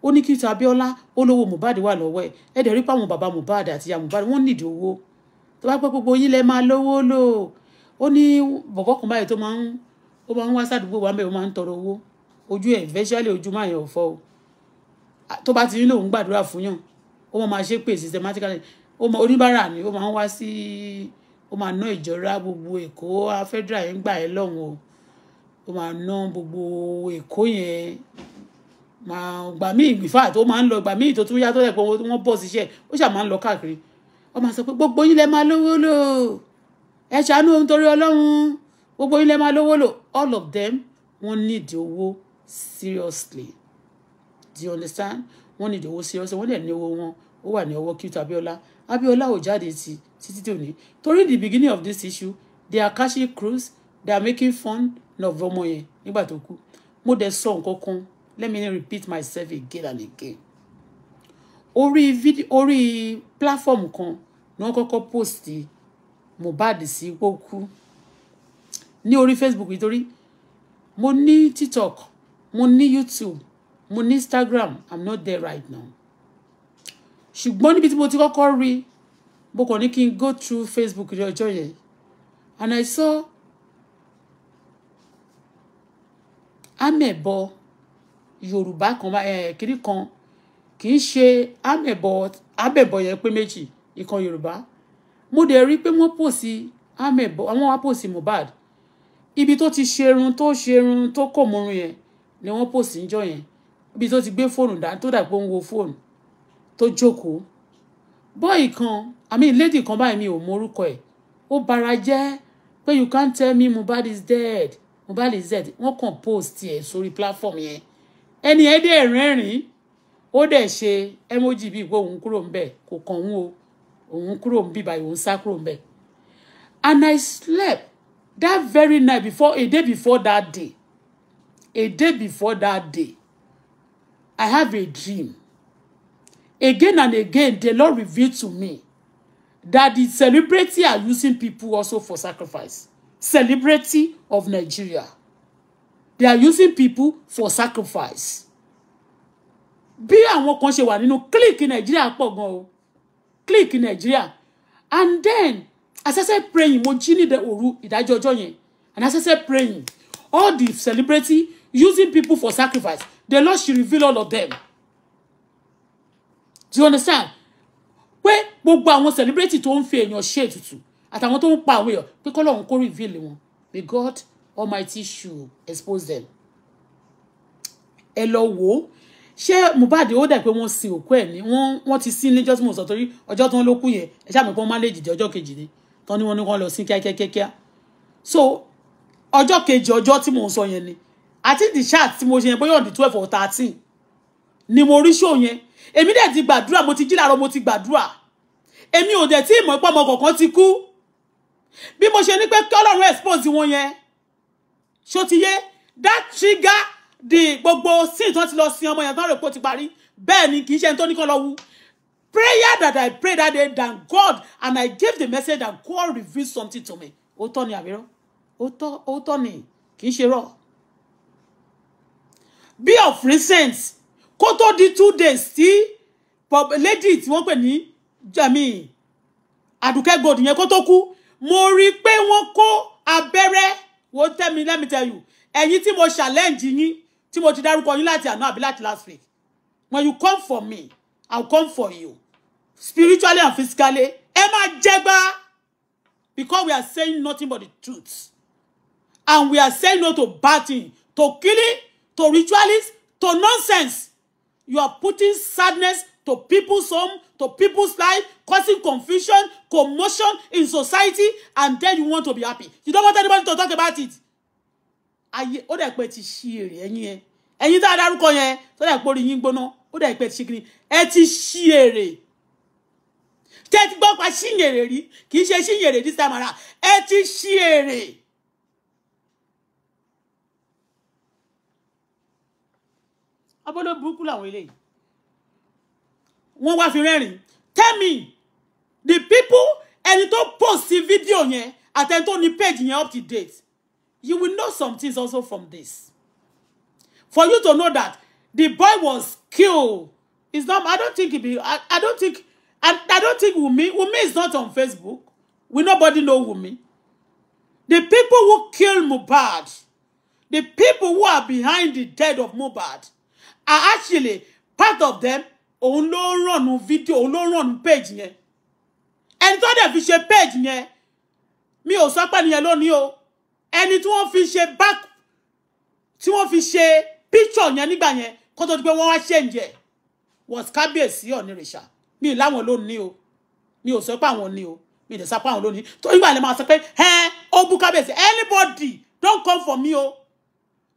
[SPEAKER 1] ó ní kí Abíọ́lá ó lówó Mohbad wà lọ́wọ́ ẹ̀ ẹ dẹ̀ rí pé àwọn bàbá Mohbad àti ìyá Mohbad wọ́n nídìí owó tó bá pẹ́ gbogbo yín lẹ máa lówó lò ó ní bọ̀bọ̀ kan báyìí tó máa ń ó máa ń wá sádùúgbò wa mẹ́rin máa ń tọrọ owó ojú ẹ̀ fẹ́ṣẹ́lẹ̀ ojú máa yàn ọ̀fọ́ o tó bá ti ní lòun gbàdúrà fún yàn ó máa ṣe pé systematically ó máa oníbàárà ni ó máa ń wá sí ó máa ná ìjọra gbogbo Èkó federal yẹn gbà ẹ́ lọ́hùn ó máa ná gbogbo Èkó yẹn máa gbà míì ìfà tó máa ń lọ gbà míì tó tún yá tó lẹ̀ pé wọ́n bọ̀ síṣẹ́ ó ṣà máa ń lọ káàkiri wọ́n máa sọ pé gbogbo yín lẹ máa lówó lò ẹ ṣàánú ohun torí ọlọ́run gbogbo yín lẹ máa lówó lò all of them wọ́n need owó seriously do you understand wọ́n need owó seriously wọ́n dẹ̀ ní owó wọn ó wà ní ọwọ́ cute Abiola Abiola ò jáde ti títí tí ò ní torí the beginning of this issue they are cashing cruise they are making fun of ọmọ yẹn nígbà tó kú mo dẹ̀ sọ nǹkan kan let me repeat myself again and again orí video orí platform kan ni wọ́n kọ́kọ́ post Mohbad sí pókú ní orí Facebook nítorí mo ní TikTok mo ní YouTube mo ní Instagram I'm not there right now ṣùgbọ́n níbi tí mo ti kọ́kọ́ rí mo kàn ní go through Facebook ní ọjọ́ and I saw amẹ̀bọ yorùbá kan eh, kiri kan kì í ṣe amẹ̀bọ̀ amẹ̀bọ̀ yẹn pé méjì ìkan yorùbá mo dẹ̀ rí i pé wọ́n pòsì amẹ̀bọ̀ àwọn wá pòsì mohbad ibi tó ti ṣerun tó ṣerun tó kò mọ́run yẹn ni wọ́n pòsì níjọ́ yẹn ibi tó ti gbé fóònù dá tó dà pé ó ń wo fóònù tó jókòó bọ́ọ̀ì kan àmì lady kan báyìí mi ò mọrúkọ ẹ̀ ó bara jẹ́ pé you can't tell me mohbad is dead mohbad is dead wọ́n kàn post ẹ̀ sórí platform yẹn ẹni ẹ dẹ̀ rẹ́rìn-ín ó dẹ̀ ṣe emoji bíi pé òun kúrò ń bẹ̀ kò kàn òun o òun kúrò ń bíbá òun sá kúrò ń and I slept that very night before a day before that day a day before that day I have a dream again and again the Lord revealed to me that the celebrity are using people also for sacrifice celebrity of Nigeria they are using people for sacrifice bí àwọn kan ṣe wà nínú clique Nigeria, pọ̀ gan o clique nàìjíríà and then I started praying mo jí ní òru ìdájọ́ ọjọ́ yẹn and I started praying all the celebrity using people for sacrifice the Lord should reveal all of them do you understand pé gbogbo àwọn celebrity tó ń fi èèyàn ṣe ètùtù àtàwọn tó ń pa àwọn èèyàn pé kọ́lọ́run kó reveal wọn may God Almighty should expose them ẹ lọ wò ó ṣé Mohbad ó dà pé wọ́n sin òkú ẹ̀ ní wọ́n wọ́n ti sin ní just mo sọ torí ọjọ́ tí wọ́n ló kú yẹn ẹ ṣáà mọ̀ pé wọ́n má lè dìde ọjọ́ kejì ni tán ni wọ́n ní wọ́n lọ sin kíákíákíá so ọjọ́ kejì ọjọ́ tí mò ń sọ yẹn ni àti the chat tí mo ṣe yẹn bóyá on the twelve or thirteen ni mo rí ṣó yẹn èmi dẹ̀ ti gbàdúrà mo ti jí làárọ̀ mo ti gbàdúrà èmi ò dẹ̀ tí ì mọ̀ pé ọmọ kọ̀ọ̀kan ti kú bí mo ṣe ní pé kí Ọlọ́run expose ṣó ti yé that trigger the gbogbo sin tó ti lọ sin ọmọ yẹn tó rò pé ó ti parí bẹ́ẹ̀ ni kì í ṣe ẹni tó ní kọ́ lọ wú prayer that I pray that day than God and I gave the message that God revealed something to me ó tọ́ ni àbírọ́ ó tọ́ ni kì í ṣe rọ̀ be of recent kó tó di two days tí lady tí wọ́n pè ní jami àdùkẹ́ gold yẹn kó tó kú mo rí i pé wọ́n kó abẹ́rẹ́ wo tell me let me tell you ẹ̀yin tí mo challenge yín tí mo ti dárúkọ yín láti àná àbí láti last week when you come for me I'll come for you spiritually and physically ẹ má jẹgba because we are saying nothing but the truth and we are saying no to bad to killing to ritualist, to nonsense you are putting sadness to people's home to people's life, causing confusion, commotion in society, and then you want to be happy. You don't want anybody to talk about it. Ayé ó dẹ̀ pé ti ṣí èrè ẹ̀yin ẹ̀. Ẹ̀yin tá a dárúkọ yẹn tó dẹ̀ pé orí yín gbóná ti ṣe kiri. ti ṣí èrè. ti gbọ́ pa ṣí èrè rí kì í this time around. Ẹ ti ṣí èrè. Abọ́lé burúkú làwọn eléyìí wọ́n wá fi rẹ́rìn tell me the people ẹni tó post fídíò yẹn àtẹni tó ní page yẹn up to date you will know some things also from this for you to know that the boy was killed is not i don't think he be i, I don't think I, i don't think Wunmi Wunmi is not on Facebook we nobody know Wunmi the people who kill Mohbad the people who are behind the death of Mohbad are actually part of them òun ló rànnù fídíò òun ló rànnù page yẹn ẹni tó dẹ̀ fi ṣe page yẹn mi ò sọ pé nìyẹn lónìí o ẹni tí wọ́n fi ṣe back tí wọ́n fi ṣe picture yẹn nígbà yẹn kó tó di pé wọ́n wá ṣèǹjẹ́ was kábíyèsí ọ̀nìrìṣà mi láwọn lónìí o mi ò sọ pé àwọn ni o mi ò dẹ̀ sọ pé àwọn lónìí tó nígbà lè máa sọ pé ẹ ó bú kábíyèsí anybody don come for me o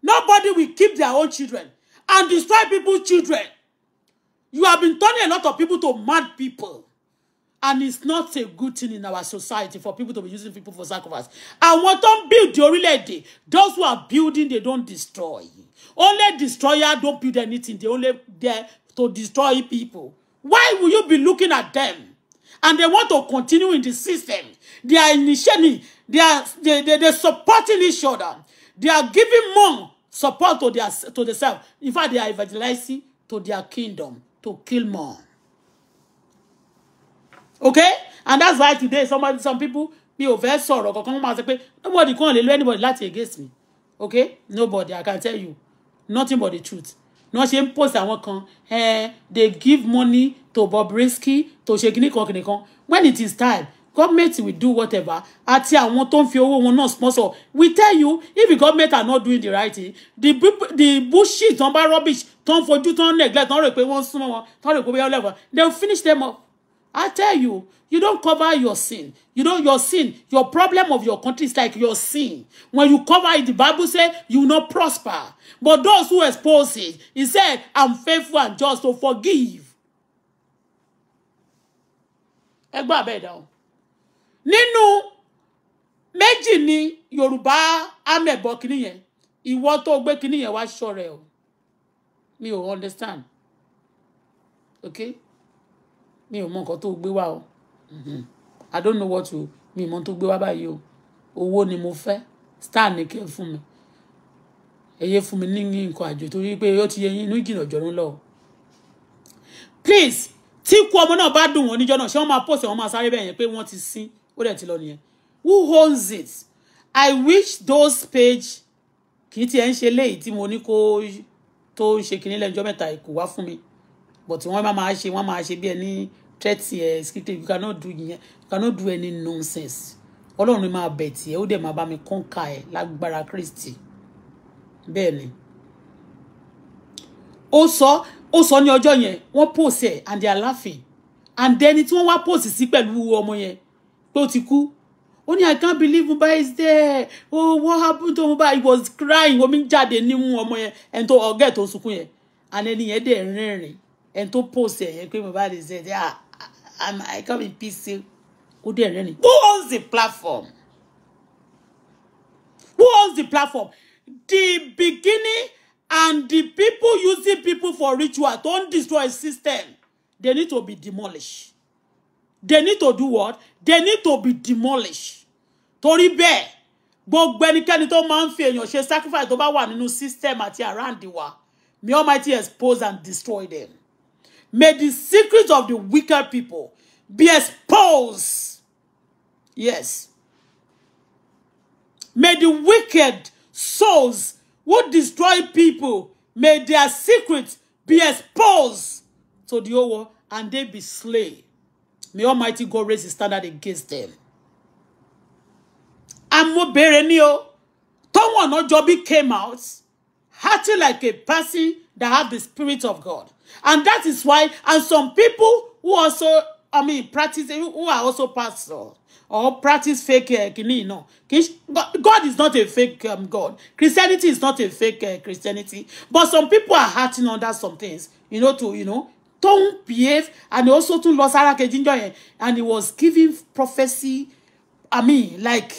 [SPEAKER 1] nobody will keep their own children and destroy people's children You have been turning a lot of people to mad people. And it's not a good thing in our society for people to be using people for sacrifice. And what don't build the orílẹ̀ those who are building, they don't destroy. Only destroyer don't build anything. They only there to destroy people. Why will you be looking at them? And they want to continue in the system. They are initiating, they are they, they, they're supporting each other. They are giving more support to their to themselves. In fact, they are evangelizing to their kingdom to kill more. Okay? And that's why today somebody, some people, be ò sorrow. sọ̀rọ̀ kankan wọ́n máa nobody kan lè lo anybody láti against me. Okay? Nobody, I can tell you. Nothing but the truth. No ṣe ń post àwọn kan, eh, they give money to Bobrisky, to ṣe kìnnìkan kìnnìkan. When it is time, government will do whatever àti àwọn tó ń fi owó wọn náà sponsor we tell you if the government are not doing the right thing the the bullshit tán bá rubbish tán fojú tán neglect tán rò pé wọ́n súnmọ́ wọn tán rò pé wọ́n lẹ́wọ̀n they will finish them up I tell you, you don't cover your sin. You know your sin, your problem of your country is like your sin. When you cover it, the Bible say you will not prosper. But those who expose it, he said, I'm faithful and just to forgive. Ẹ gbọ́ àbẹ́ ìdáhùn nínú méjì ni yorùbá amẹ̀bọ kìíní yẹn ìwọ tó gbé kìíní yẹn wá ṣọrẹ o mi ò understand ok mi ò mọ nǹkan tó gbé wá o mhm. i don't know what to mi ò mọ tó gbé wá báyìí o owó ni mo fẹ́ star ni kí n fún mi ẹyẹ fún mi ní nǹkan àjò torí pé ó ti yẹ yín inú ìjìnà jọ̀rún lọ. please tí ikú ọmọ náà bá dùn wọn níjọ náà ṣé wọn máa pòsè wọn máa sáré bẹ́ẹ̀ yẹn pé wọ́n ti sin ó dẹ̀ ti lọ nìyẹn who owns it i wish those page kì í tiẹ̀ ń ṣe léyìí tí mo ní kó tó ń ṣe kínní lẹ́jọ́ mẹ́ta kò wá fún mi but wọ́n máa máa ṣe wọ́n máa ṣe bí ẹni thirty eh, years kíkẹ́ you cannot do yẹn you cannot do any nonsense ọlọ́run máa bẹ̀ tiẹ̀ ó dẹ̀ máa bá mi kọ́ńkà ẹ̀ lágbára Kristi bẹ́ẹ̀ ni ó sọ ó sọ ní ọjọ́ yẹn wọ́n post ẹ̀ and they are laughing and then tí wọ́n wá post sí pẹ̀lú ọmọ yẹn pé ti kú ó ní i can't believe Mohbad is there oh what happened to Mohbad he was crying omi ń jáde nímú ọmọ yẹn ẹni tó ọgá ẹ̀ tó ń sunkún yẹn and ẹni yẹn dẹ̀ rẹ́rìn ẹni tó post ẹ̀ yẹn pé Mohbad is there ah, ah i can't be peaceful ó dẹ̀ rẹ́rìn who owns the platform who owns the platform the beginning and the people using people for ritual don destroy system they need to be demolished they need to do what they need to be demolished Tori be, gbogbo ẹnikẹ́ni tó máa ń fi èèyàn ṣe sacrifice tó bá wà nínú system àti around wa may Almighty expose and destroy them may the secrets of the wicked people be exposed yes may the wicked souls who destroy people may their secrets be exposed to the whole world and they be slain May Almighty God raise his standard against them. Amobere ni o. Tonwa no jobi came out acting like a person that have the spirit of God. And that is why, and some people who also, I mean, practice, who are also pastors or practice fake You eh, know, God is not a fake um, God Christianity is not a fake uh, Christianity but some people are hurting under some things you know to you know don't behave and he also tún lọ sára kejì ń jọ and he was giving prophecy i mean like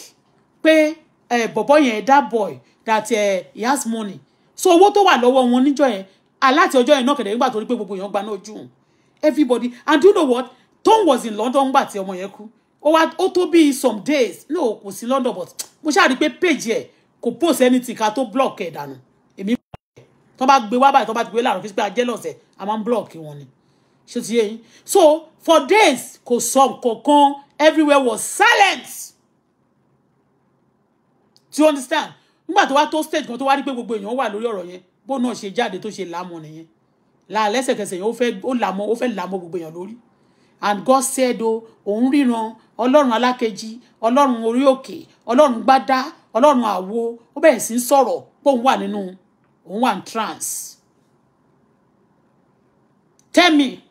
[SPEAKER 1] pé uh, bọ̀bọ̀ yẹn that boy that uh, he has money so owó to wà lọ́wọ́ wọn níjọ yẹn aláti ọjọ́ yẹn náà kẹ̀dẹ̀ nígbà tó rí pé gbogbo èèyàn gba náà jù everybody and do you know what tom was in london gbà tí ọmọ yẹn kú ó tó be some days no kò sí london but mo ṣáà rí i page ẹ̀ kò post anything ká tó block ẹ̀ dànù tó bá gbé wá báyìí tó bá gbé láàrọ̀ fífi pé ajẹ́lọ̀sẹ̀ a máa ń blọọ̀kì wọn ni ṣé ti yé yín so for days kò sọ nǹkan kan everywhere was silent do you understand nígbà tó wá tó stage kan tó wá rí pé gbogbo èèyàn wà lórí ọ̀rọ̀ yẹn bó náà ṣe jáde tó ṣe làámọ̀ nìyẹn là lẹ́sẹ̀kẹsẹ̀ yẹn ó fẹ́ ó làmọ́ ó fẹ́ làmọ́ gbogbo èèyàn lórí and God said o oh, òun ríran ọlọ́run alákejì ọlọ́run orí òkè ọlọ́run gbádá ọlọ́run àwo ó bẹ̀rẹ̀ sí í sọ̀rọ̀ póun wà nínú One trance. Tell me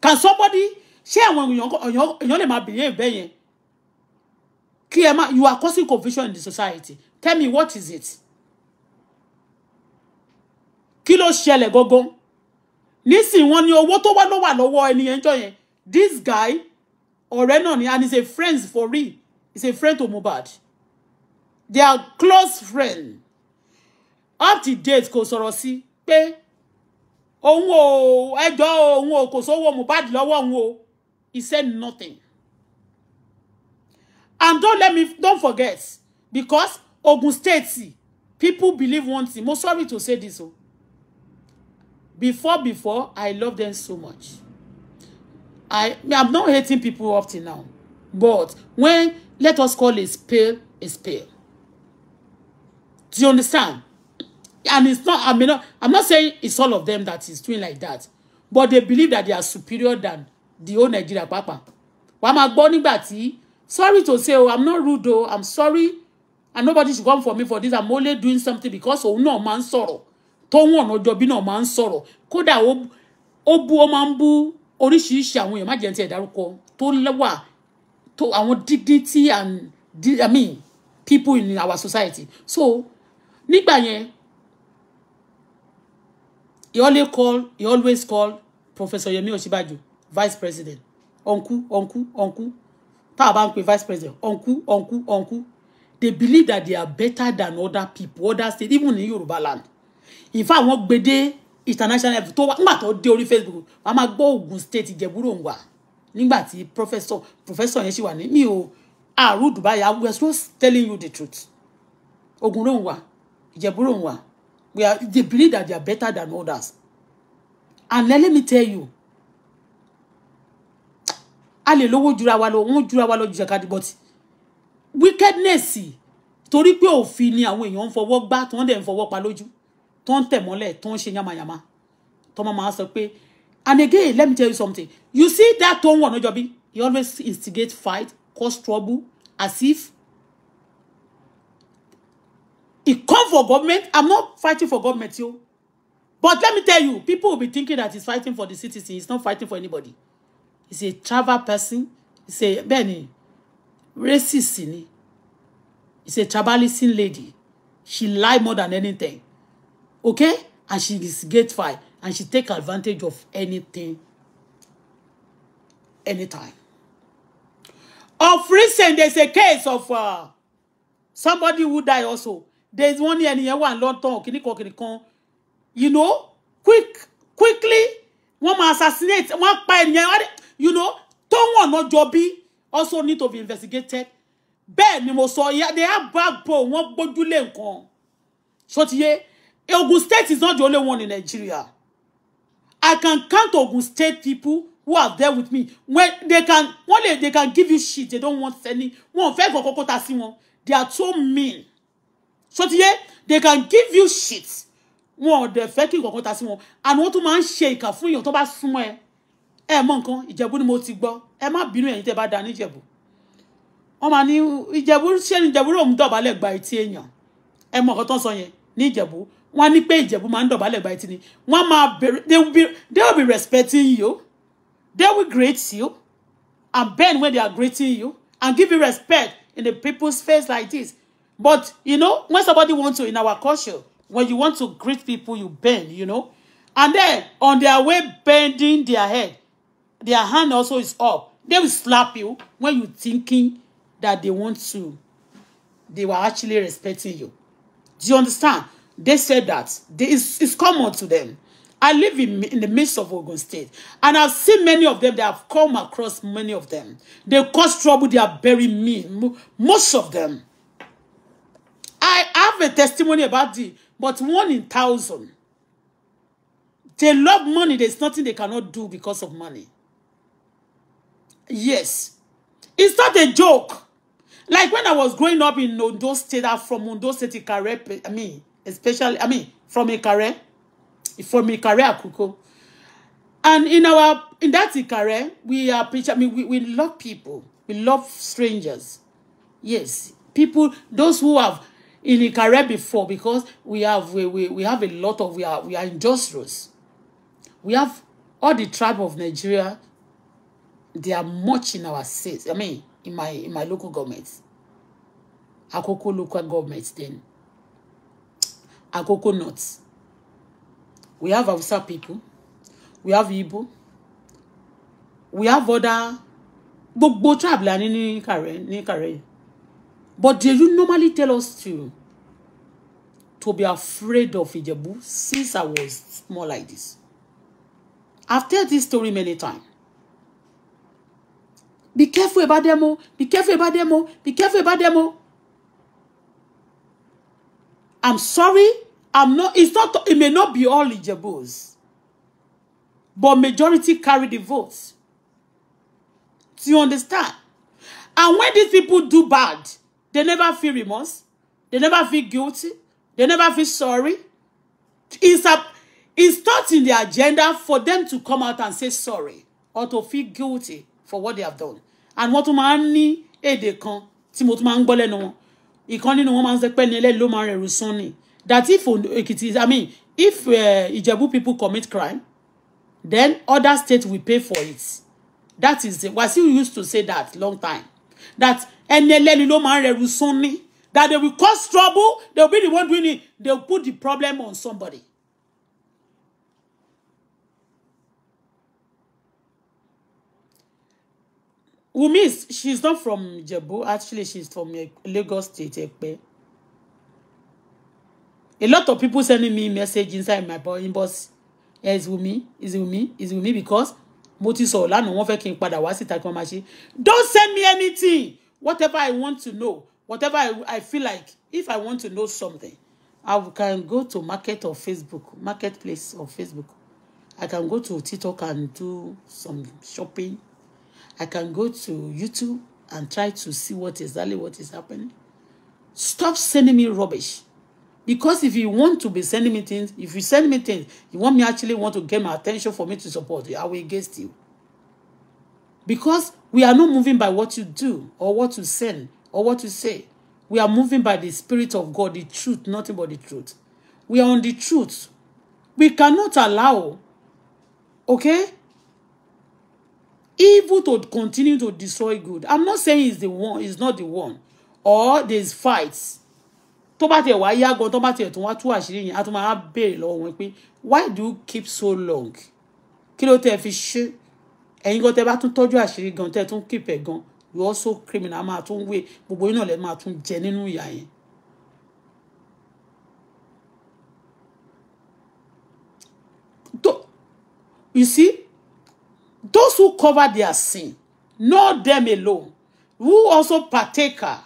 [SPEAKER 1] can somebody share when èèyàn èèyàn lè máa bìyàn bẹ́ẹ̀ yẹn kí ẹ má you are causing confusion in the society tell me what is it kí ló ṣẹlẹ̀ gógó nísìnyí wọn ni owó tó wá ló wà lọ́wọ́ enjoy. this guy already and he's a friend for real he's a friend to Mubad. they are close friends up to date kò sọ̀rọ̀ sí pé òun ò ẹjọ́ òun ò kò sówó Mohbad lọ́wọ́ òun o he said nothing and don't let me don't forget because Ogun State people believe one thing mo sorry to say this o before before I love them so much I I'm not hating people up till now but when let us call a spade a spade do you understand and it's not, I mean, not, I'm not saying it's all of them that is doing like that, but they believe that they are superior than the whole Nigeria papa. Wàá máa gbọ́ nígbà sorry to say, oh, I'm not rude though, I'm sorry, and nobody should come for me for this, I'm only doing something because oh, no man sorrow, sọ̀rọ̀, one or ọjọ́ bí man sorrow. Koda ob obu ó bú ó máa ń bú oríṣiríṣi àwọn èèyàn má dignity and I mean people in our society so nígbà yẹn he always call he always call professor Yemi Osinbajo vice president uncle uncle uncle Ta a bá vice president uncle uncle uncle they believe that they are better than other people other state, even in Yorùbá land in fact wọ́n gbede international level tó wá nígbà tó dé orí Facebook wọ́n máa gbọ́ Ògùn state ìjẹ̀búrò ń wà nígbà tí professor professor yẹn sì wà ní mi ò àrùn Dubai I was just telling you the truth Ògùn ló ń wà ìjẹ̀búrò We are, they believe that they are better than others. And let, let me tell you, a lè lówó jura wa lọ wọ́n jura wa lọ jìjàkadì but wickedness torí pé òfin ni àwọn èèyàn ń fọwọ́ gbá tí wọ́n pa lójú tó ń tẹ̀ mọ́lẹ̀ tó ń ṣe yamayama tó máa and again let me tell you something you see that Toun Onajobi he always instigate fight cause trouble as if He come for government. I'm not fighting for government, you. But let me tell you, people will be thinking that he's fighting for the citizen. He's not fighting for anybody. He's a travel person. He's a Benny. Racist, He's a tribalistic lady. She lie more than anything. Okay? And she is gatefy. And she take advantage of anything. Anytime. Of recent, there's a case of uh, somebody who died also there is one year and ẹni yẹn wà lọ́tàn kìnnìkan kìnnìkan you know quick quickly wọ́n máa assassinate wọ́n pa ẹni yẹn you know tó wọ̀n náà jọ also need to be investigated bẹ́ẹ̀ ni mo sọ they have backbone wọ́n gbójúlé nǹkan sotiye Ogun State is not the only one in Nigeria I can count Ogun State people who are there with me when they can when they, they can give you shit they don't want any wọn fẹ́ kọkọ kọta sí wọn they are too mean so ti they can give you shit wọn ò dẹ̀ fẹ́ kí nǹkan kan ta sí wọn àná wọn tún máa ń ṣe ìkà fún èèyàn tó bá súnmọ́ ẹ ẹ mọ nǹkan ìjẹ̀bú ni mo ti gbọ́ ẹ má bínú ẹ̀yin tẹ́ bá da níjẹ̀bú wọn máa ní ìjẹ̀bú ṣé ni ìjẹ̀bú ròmù dọ̀bálẹ̀ gba etí èèyàn ẹ mọ nǹkan tó ń sọ yẹn ní ìjẹ̀bú wọn ní pé ìjẹ̀bú máa ń dọ̀bálẹ̀ gba etí ni wọn máa bẹ̀rẹ̀ they will be they will be respecting you they will greet you and bend when they are greeting you and give you respect in the people's face like this But, you know, when somebody wants to, in our culture, when you want to greet people, you bend, you know. And then, on their way bending their head, their hand also is up. They will slap you when you thinking that they want to, they were actually respecting you. Do you understand? They said that. They, it's, it's common to them. I live in, in the midst of Ogun State, and I've seen many of them that have come across many of them. They cause trouble, they are very mean, most of them. I have a testimony about the, but one in thousand. They love money. There's nothing they cannot do because of money. Yes. It's not a joke. Like when I was growing up in Ondo State, I'm from Ondo State, Ikare, I mean, especially, I mean, from Ikare, from Ikare Akuko. And in our, in that Ikare, we are, I mean, we, we love people. We love strangers. Yes. People, those who have in the Caribbean, before because we have we, we, we have a lot of we are we are industrious. We have all the tribe of Nigeria. They are much in our states. I mean, in my in my local government. Akoko local government then. Akoko North. We have Hausa people. We have Igbo. We have other gbogbo tribe la ní ní Ìkàrẹ́ ní Ìkàrẹ́ yìí. But they you normally tell us to to be afraid of Ijebu since I was small like this. I've told this story many times. Be careful about them all. Oh. Be careful about them all. Oh. Be careful about them all. Oh. I'm sorry. I'm not. It's not. It may not be all Ijebus, but majority carry the votes. Do you understand? And when these people do bad, They never feel remorse. They never feel guilty. They never feel sorry. It's, a, it's not in the agenda for them to come out and say sorry or to feel guilty for what they have done. And what man ni e ní èdè kan tí mo tún máa ń gbọ́ lẹ́nu wọn. Ìkan nínú wọn máa ń sọ pé ní ẹlẹ́yìn ló máa ni. That if it is, I mean, if uh, eh, Ijebu people commit crime, then other states will pay for it. That is, Wasiu used to say that long time. That ẹni ẹlẹ́ni ló máa ń rẹrù sún ní that they will cause trouble they will be the one doing it they will put the problem on somebody. Wumi is she's not from Jebu actually she's from Lagos State Epe. A lot of people sending me message inside my inbox is Wumi is Wumi is Wumi because mo ti sọ̀rọ̀ lánàá wọ́n fẹ́ kí n padà wá síta kí wọ́n máa ṣe don't send me anything whatever I want to know, whatever I, I feel like, if I want to know something, I can go to market or Facebook, marketplace or Facebook. I can go to TikTok and do some shopping. I can go to YouTube and try to see what exactly what is happening. Stop sending me rubbish. Because if you want to be sending me things, if you send me things, you want me actually want to get my attention for me to support you, I will against you. Because We are not moving by what you do or what you send or what you say. We are moving by the Spirit of God, the truth, nothing but the truth. We are on the truth. We cannot allow, okay, evil to continue to destroy good. I'm not saying it's the one, it's not the one. Or there's fights. tó bá tiẹ̀ wá yá gan tó bá tiẹ̀ tún wá tú àṣírí why do you keep so long Kilo te tẹ́ fi ṣe ẹ̀yin gan tẹ́ bá tún tọ́jú àṣírí gan tẹ́ tún kìpẹ̀ gan you also criminal máa tún wé gbogbo yín náà lẹ́ máa tún jẹ nínú ìyà yẹn. You see, those who cover their sin, know them alone, who also partaker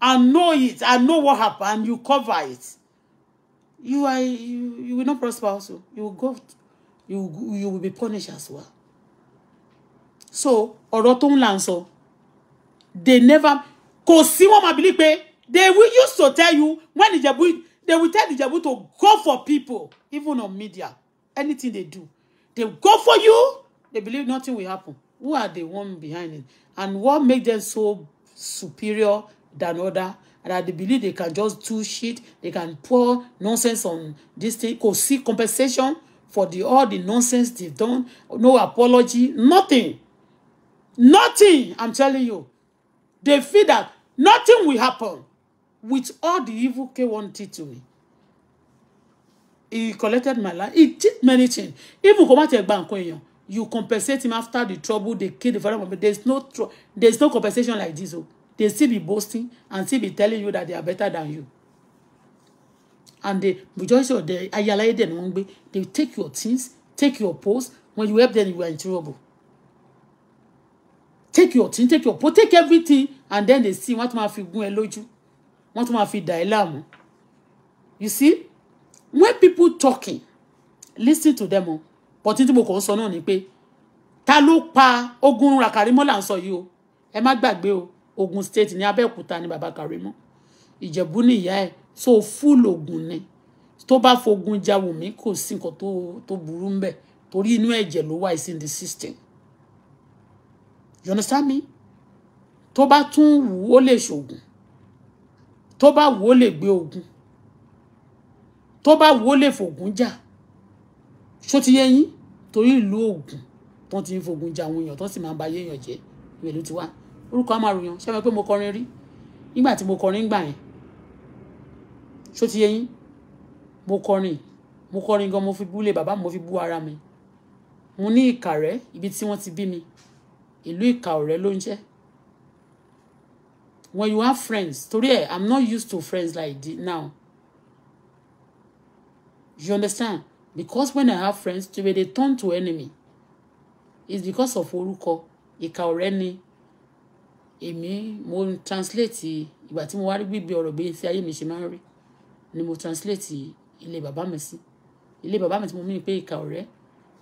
[SPEAKER 1] and ah, know it and know what happened, you cover it. You are you, you will not prosper also. You will go, you you will be punished as well so ọ̀rọ̀ tó ń là ń sọ they never kò sí wọn máa believe pé they will use to tell you when Ìjẹ̀bú they will tell Ìjẹ̀bú to go for people even on media anything they do they go for you they believe nothing will happen who are the one behind it and what make them so superior than other that they believe they can just do shit they can pour nonsense on this thing kò see compensation for the all the nonsense they've done no apology nothing Nothing, I'm telling you. They feel that nothing will happen with all the evil K1 did to me. He collected my life. He did many things. Even come out bank when you compensate him after the trouble they kill the father. But there's no there's no compensation like this. Oh. They still be boasting and still be telling you that they are better than you. And They majority of the Ayala they take your things, take your post. When you help them, you are in trouble take your tin take your po take everything and then they see wọ́n tún máa fi gún ẹ lójú wọ́n tún máa fi dà ẹ́ láàmú you see when people talking listen to them o but tí mo kàn ń sọ náà ni pé ta ló pa ogun rakarimọ́ là ń sọ yìí o ẹ má gbàgbé o Ògùn state ní Abẹ́òkúta ni bàbá Karimọ́ Ìjẹ̀bú ni ìyá ẹ̀ so full ogun ni tó bá fogun ja Wùmí kò sí nǹkan tó burú ń bẹ̀ torí inú ẹ̀jẹ̀ ló wà is in the system you understand me tó bá tún wù ó lè ṣògùn tó bá wù ó lè gbé ogun tó bá wù ó lè fògùn jà ṣó ti yé yín torí ìlú ogun tó ti ń fògùn jà àwọn èèyàn tó sì máa ń ba ayé èèyàn jẹ́ ti wá orúkọ amárùyàn ṣé ẹ mọ̀ pé mo kọrin rí nígbà tí mo kọrin gbà yẹn ṣó ti yé mo kọrin mo kọrin gan mo fi bú lé bàbá mo fi bú ara mi mo ní ìkàrẹ́ ibi tí wọ́n ti bí mi ìlú ìka ọ̀rẹ́ ló ń jẹ́ when you have friends torí ẹ̀ i'm not used to friends like this now you understand because when i have friends they dey turn to enemy it's because of orúkọ ìka ọ̀rẹ́ ni èmi mo translate ìgbà tí mo wá rí gbígbé ọ̀rọ̀ bí ti ayé mi ṣe máa ń rí ni mo translate ilé bàbá mi sí ilé bàbá mi tí mo mí pé ìka ọ̀rẹ́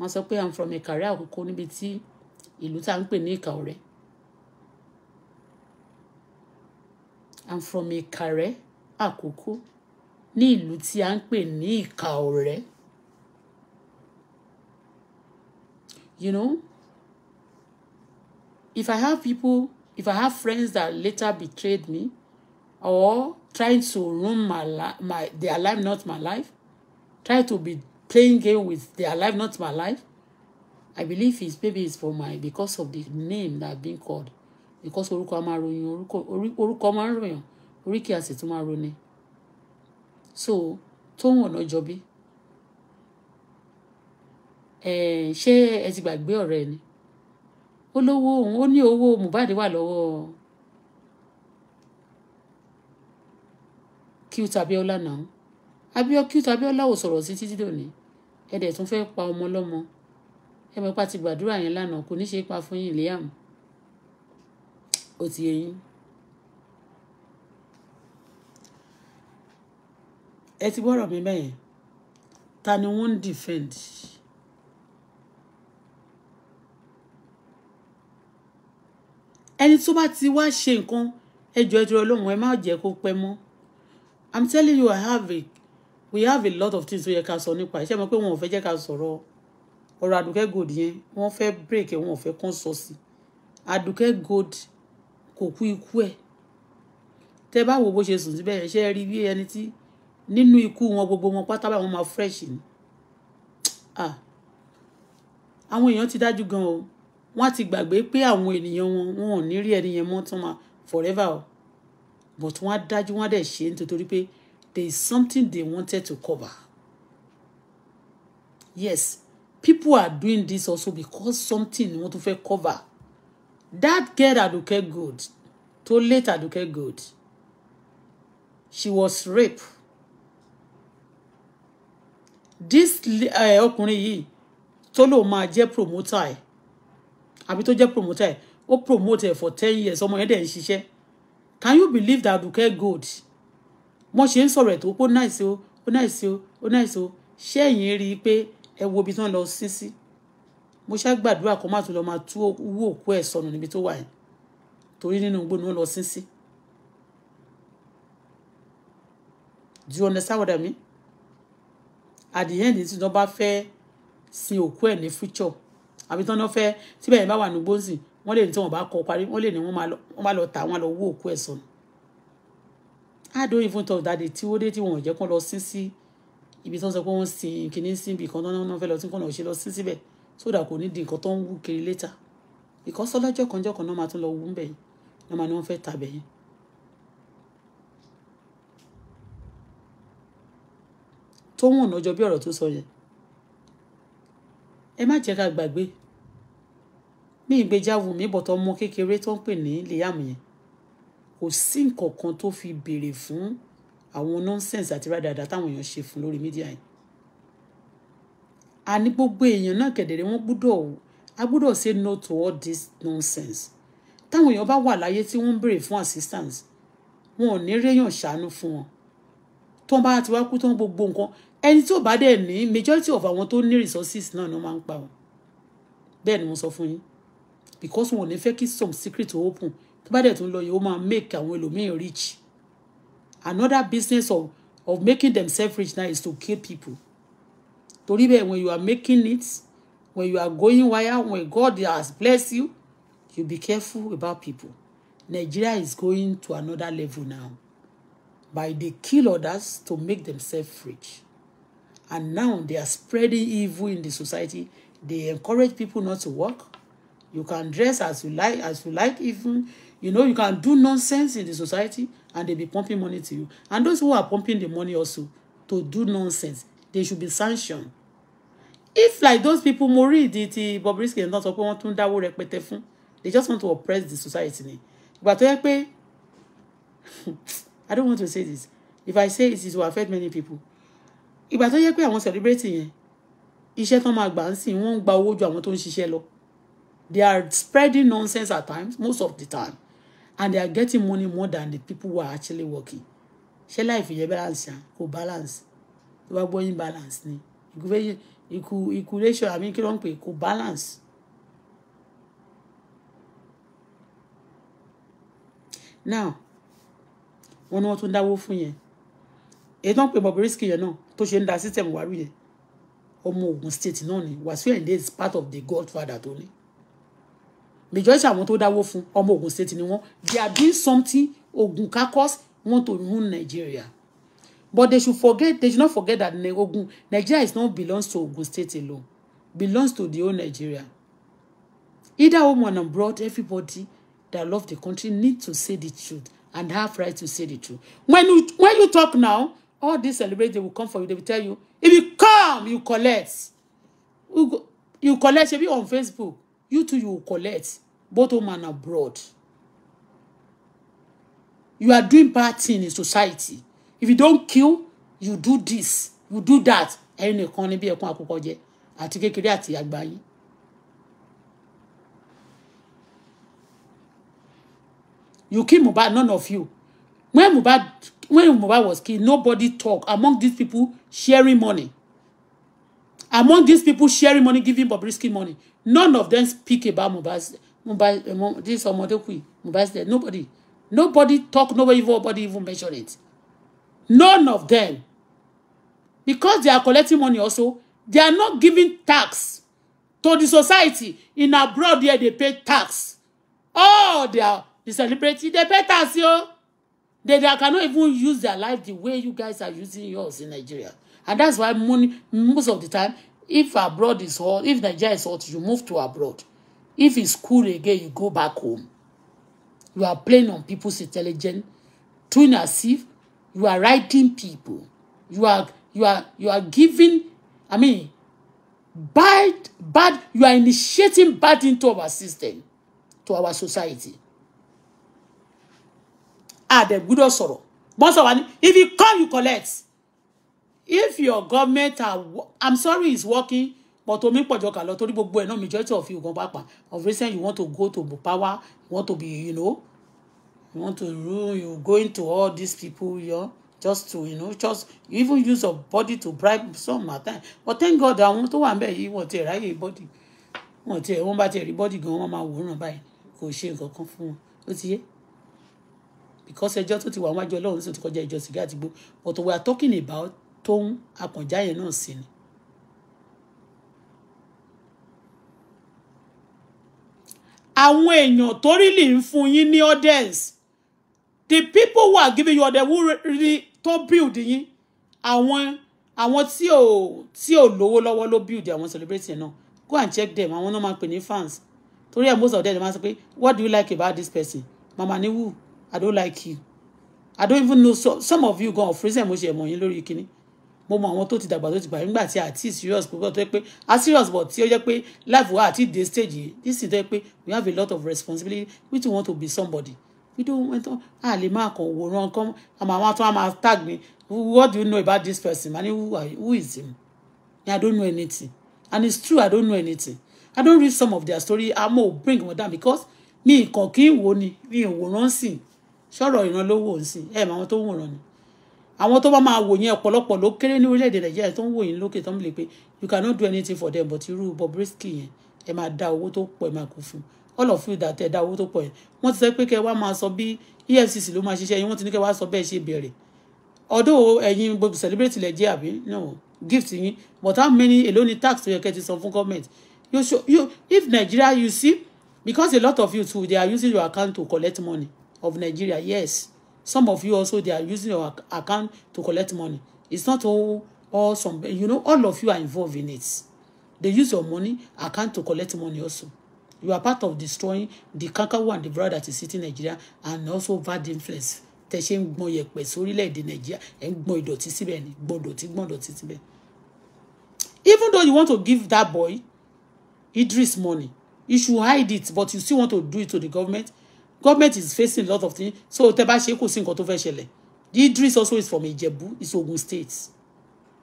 [SPEAKER 1] wọ́n sọ pé i'm from ìkàrẹ́ àkókò níbi tí ìlú tá à ń pè ní Ìkàọ̀rẹ́ I'm from Ìkàrẹ́ Àkókó ní ìlú tí à ń pè ní Ìkàọ̀rẹ́ you know if I have people if I have friends that later betrayed me or trying to ruin my life my their life not my life try to be playing game with their life not my life I believe it's maybe it's for my because of the name that I've been called because orúkọ máa ròyìn orúkọ máa ń ròyìn oríkì àti tó máa roni so Tóhùn Ọ̀nàjọ́bí ṣé ẹ ti gbàgbé ọ̀rẹ́ ni ó lówó òun ó ní Cute Abíọ́lá náà Abíọ́ Cute Abíọ́lá ò sọ̀rọ̀ sí títí dòní ẹ̀dẹ̀ tún fẹ́ pa ọmọ lọ́mọ ẹ mọ̀ pa ti gbàdúrà yẹn lánàá kò ní ṣe pa fún yín Liam ó ti yé yín. ẹ ti gbọ́rọ̀ mi bẹ́ẹ̀ ta ni wọ́n ń defend. ẹni tó bá ti wá ṣe nǹkan ẹjọ́ ẹjọ́ ọlọ́run ẹ má jẹ́ kó pẹ́ mọ́ i'm telling you i have a we have a lot of things tó yẹ ká sọ nípa iṣẹ́ mọ̀ pé wọn ò fẹ́ jẹ́ ká sọ̀rọ̀ ọ̀rọ̀ àdùkẹ́ gold yẹn wọ́n fẹ́ break ẹ̀ wọ́n ò fẹ́ kán sọ sí àdùkẹ́ gold kò kú ikú ẹ̀ tẹ bá wo bó ṣe sùn síbẹ̀ ṣe rí bí ẹni tí nínú ikú wọn gbogbo wọn pátá báwọn máa fresh ni àwọn èèyàn ti dájú gan o wọ́n ti gbàgbé pé àwọn ènìyàn wọn wọn ò ní rí ẹni yẹn mọ́ tán máa forever o but wọ́n á dájú wọ́n á dẹ̀ ṣe nítorí pé there is something they wanted to cover yes people are doing this also because something ni wọ́n tún fẹ́ cover that girl Aduke Gold tó late Aduke good. she was raped this eh, ọkùnrin yìí tó lóun máa jẹ́ promoter ẹ̀ àbí tó jẹ́ promoter ẹ̀ ó for ten years ọmọ yẹn dẹ̀ ń ṣiṣẹ́ can you believe that Aduke Gold wọ́n ṣe ń sọ̀rọ̀ ẹ̀ tó pé ó náìsí o ó náìsí o ó náìsí o ṣé ẹ̀yin rí ẹ wo ibi tí wọ́n lọ sí sí mo ṣá gbàdúrà kó má tún lọ máa tú owó òkú ẹ̀ sọnù níbi tó wà yẹn torí nínú igbó ni wọ́n lọ sí sí. do you understand what I mean? at the end tí wọ́n bá fẹ́ sin òkú ẹ̀ ní future àbí tí wọ́n fẹ́ síbẹ̀ yẹn bá wà ní gbóǹsì wọ́n lè ní tí wọ́n bá kọ parí wọ́n lè ní wọ́n máa lọ tà wọ́n lọ owó òkú ẹ̀ sọnù. I don't even talk that day tí ó dé tí wọ́n ò jẹ́ kó lọ sí sí ibi tó ń sọ pé wọ́n sin kìíní síbi kan náà wọ́n fẹ́ lọ sí kọ́nà òṣèlú sí síbẹ̀ sódà kò ní di nǹkan tó ń wú kiri létà ìkọ́sọ́ lọ́jọ́ kan jọ́kan náà máa tún lọ wú ń bẹ̀ yìí náà máa ní wọ́n fẹ́ tàbẹ̀ yẹn. tó wọ̀n ọ̀nà ọjọ́ bí ọ̀rọ̀ tó sọ yẹn ẹ má jẹ́ ká gbàgbé mí ìgbéjáwó mi bọ̀tọ̀ ọmọ kékeré tó ń pè ní Liam yẹn kò sí nǹkan kan tó fi béèrè fún àwọn nonsense àti rádàdà táwọn èèyàn ṣe fún lórí mídíà yìí àní gbogbo èèyàn náà kẹ̀dẹ̀rẹ̀ wọ́n gbúdọ̀ a gbúdọ̀ say no to all this nonsense táwọn èèyàn bá wà láyé tí wọ́n ń béèrè fún assistance wọn ò ní réyàn ṣàánú fún wọn tó ń bá ti wá kú tó ń gbogbo nǹkan ẹni tí ò bá dẹ̀ ní majority of àwọn tó ní resources náà ni wọ́n máa ń pa wọn bẹ́ẹ̀ ni mo sọ fún yín because wọn ò ní fẹ́ kí some secret open tó bá dẹ̀ tún lọ yìí ó máa make àwọn ẹlòmíín rich another business of of making themselves rich now is to kill people torí bẹ́ẹ̀ when you are making it when you are going wire when God has blessed you you be careful about people Nigeria is going to another level now by they kill others to make themselves rich and now they are spreading evil in the society they encourage people not to work you can dress as you like as you like even You know, you can do nonsense in the society and they be pumping money to you. And those who are pumping the money also to do nonsense, they should be sanctioned. If like those people mo rí ìdí tí Bobrisky náà sọ pé wọ́n tún dáwó rẹpẹtẹ fún, they just want to oppress the society ni. Ìgbà tó yẹ I don't want to say this. If I say it, it will affect many people. Ìgbà tó yẹ pé àwọn celebrity yẹn iṣẹ́ tán máa gbà ń sìn wọ́n ń gba owó ju àwọn tó ń ṣiṣẹ́ lọ. They are spreading nonsense at times, most of the time and they are getting money more than the people who are actually working ṣé láìfi yẹn balance yẹn kò balance tó bá gbọ́ yín balance ni ikú fẹ́ ikú ikú ratio àbí kí you ń pè kò balance. now wọn ni wọn tún dáwó fún yẹn èyí tó ń pè Bobrisky yẹn náà tó ṣe ń da system wàrú yẹn ọmọ Ogun State no, ni Wasiu Ayinde is part of the godfather tó ní majority àwọn tó dáwó fún ọmọ Ogun state ni wọ́n they are doing something Ogun caucus want to ruin Nigeria but they should forget they should not forget that Ogun Nigeria is not belongs to Ogun state alone belongs to the whole Nigeria either home and abroad everybody that love the country need to say the truth and have right to say the truth when you when you talk now all these celebrities they will come for you they will tell you if you come you collect you, go, you collect ṣebí on Facebook you too you collect both home and abroad you are doing bad thing in society if you don't kill you do this you do that ẹ̀yin nìkan ni bí ẹkún àkókò jẹ àti kékeré àti àgbà yín. you kill Mohbad none of you when Mohbad when Mohbad was killed nobody talk among these people sharing money Among these people sharing money, giving Bobrisky money, none of them speak about Mohbad, Mohbad, eh, this or Mohbad's death. Nobody. Nobody talk, nobody, nobody even mention it. None of them. Because they are collecting money also, they are not giving tax to the society. In abroad here, they pay tax. Oh, they are the celebrity, they pay tax, yo. They, they cannot even use their life the way you guys are using yours in Nigeria and that's why money most of the time if abroad is hot if Nigeria is hot you move to abroad if it's cool again you go back home you are playing on people's intelligence doing as if you are writing people you are you are you are giving I mean bad bad you are initiating bad into our system to our society ah dem gbọ́dọ̀ sọ̀rọ̀ most of our if you come you collect if your government are i'm sorry it's working but omi pọ̀jọ kà lọ torí gbogbo ẹ̀ náà majority of you gan pàpà of recent you want to go to power you want to be you know you want to rule you going to all these people you know, just to you know just even use your body to bribe some at time but thank god àwọn tó wà ń bẹ̀ yìí wọ́n ti ráyè body wọ́n ti wọ́n bá ti rí body gan wọ́n máa wòran báyìí kò ṣe nǹkan kan fún wọn ó ti yé because ẹjọ́ tó ti wà wájú ọlọ́run tó ti kọjá ìjọ sìgá àti gbó but we are talking about tóun àkànjá yẹn náà sí ni. àwọn èèyàn tó rí lè ń fún yín ní audience the people who are giving you ọdẹ who rí tó build yín àwọn àwọn tí ò tí ò lówó lọ́wọ́ ló build àwọn celebrity náà go and check them àwọn náà máa ń pè ní fans torí ẹ̀ most of them máa ń sọ what do you like about this person mama ni i don't like you i don't even know so, some of you gan ọ̀fíìsì mo ṣe ẹ̀mọ̀ yín lórí kínní mo mọ àwọn tó ti dàgbà tó ti gbà nígbà tí àti serious púpọ̀ tó yẹ pé a serious but tí ó yẹ pé life wa àti dey stage yìí this is tó yẹ we have a lot of responsibility we too want to be somebody we don't want to a lè máa kàn wòran kan àmọ́ àwọn tó máa tag me what do you know about this person man who, is him i don't know anything and it's true i don't know anything i don't read some of their story àmọ́ ò bring wọn down because mi kàn kí n wo ni mi ò wòran sí sọ̀rọ̀ ìrànlọ́wọ́ sí ẹ̀ mọ àwọn tó wòran ni àwọn tó bá máa wò yẹn ọ̀pọ̀lọpọ̀ ló kéré ní orílẹ̀-èdè nàìjíríà tó ń wò yín lókè tó ń lè pe you cannot do anything for them but irú Bobrisky yẹn ẹ máa da owó tó pọ̀ ẹ máa kó fún all of you that ẹ da owó tó pọ̀ yẹn wọ́n ti sọ pé kẹ́ wá máa sọ bí EFCC ló máa ṣiṣẹ́ yín wọ́n ti ní kẹ́ wá sọ bẹ́ẹ̀ ṣe bẹ̀rẹ̀ ọ̀dọ̀ ẹ̀yin gbogbo celebrate lẹ jẹ́ àbí no gift yín but how many èló tax to yẹ kẹ́ ti san fún government you show you if Nigeria you see because a lot of you too they are using your account to collect money of Nigeria yes some of you also they are using your account to collect money it's not all all some you know all of you are involved in it they use your money account to collect money also you are part of destroying the kankawo and the brother that is sitting in Nigeria and also bad influence tẹ ń gbọn yẹ̀pẹ̀ sórílẹ̀-èdè Nàìjíríà ẹ ń gbọn ìdọ̀tí síbẹ̀ ni gbọn ìdọ̀tí gbọn ìdọ̀tí síbẹ̀ even though you want to give that boy Idris money you should hide it but you still want to do it to the government government is facing a lot of things so tẹ́ bá ṣe kò sí nǹkan tó fẹ́ ṣẹlẹ̀ Idris also is from Ijebu is Ogun State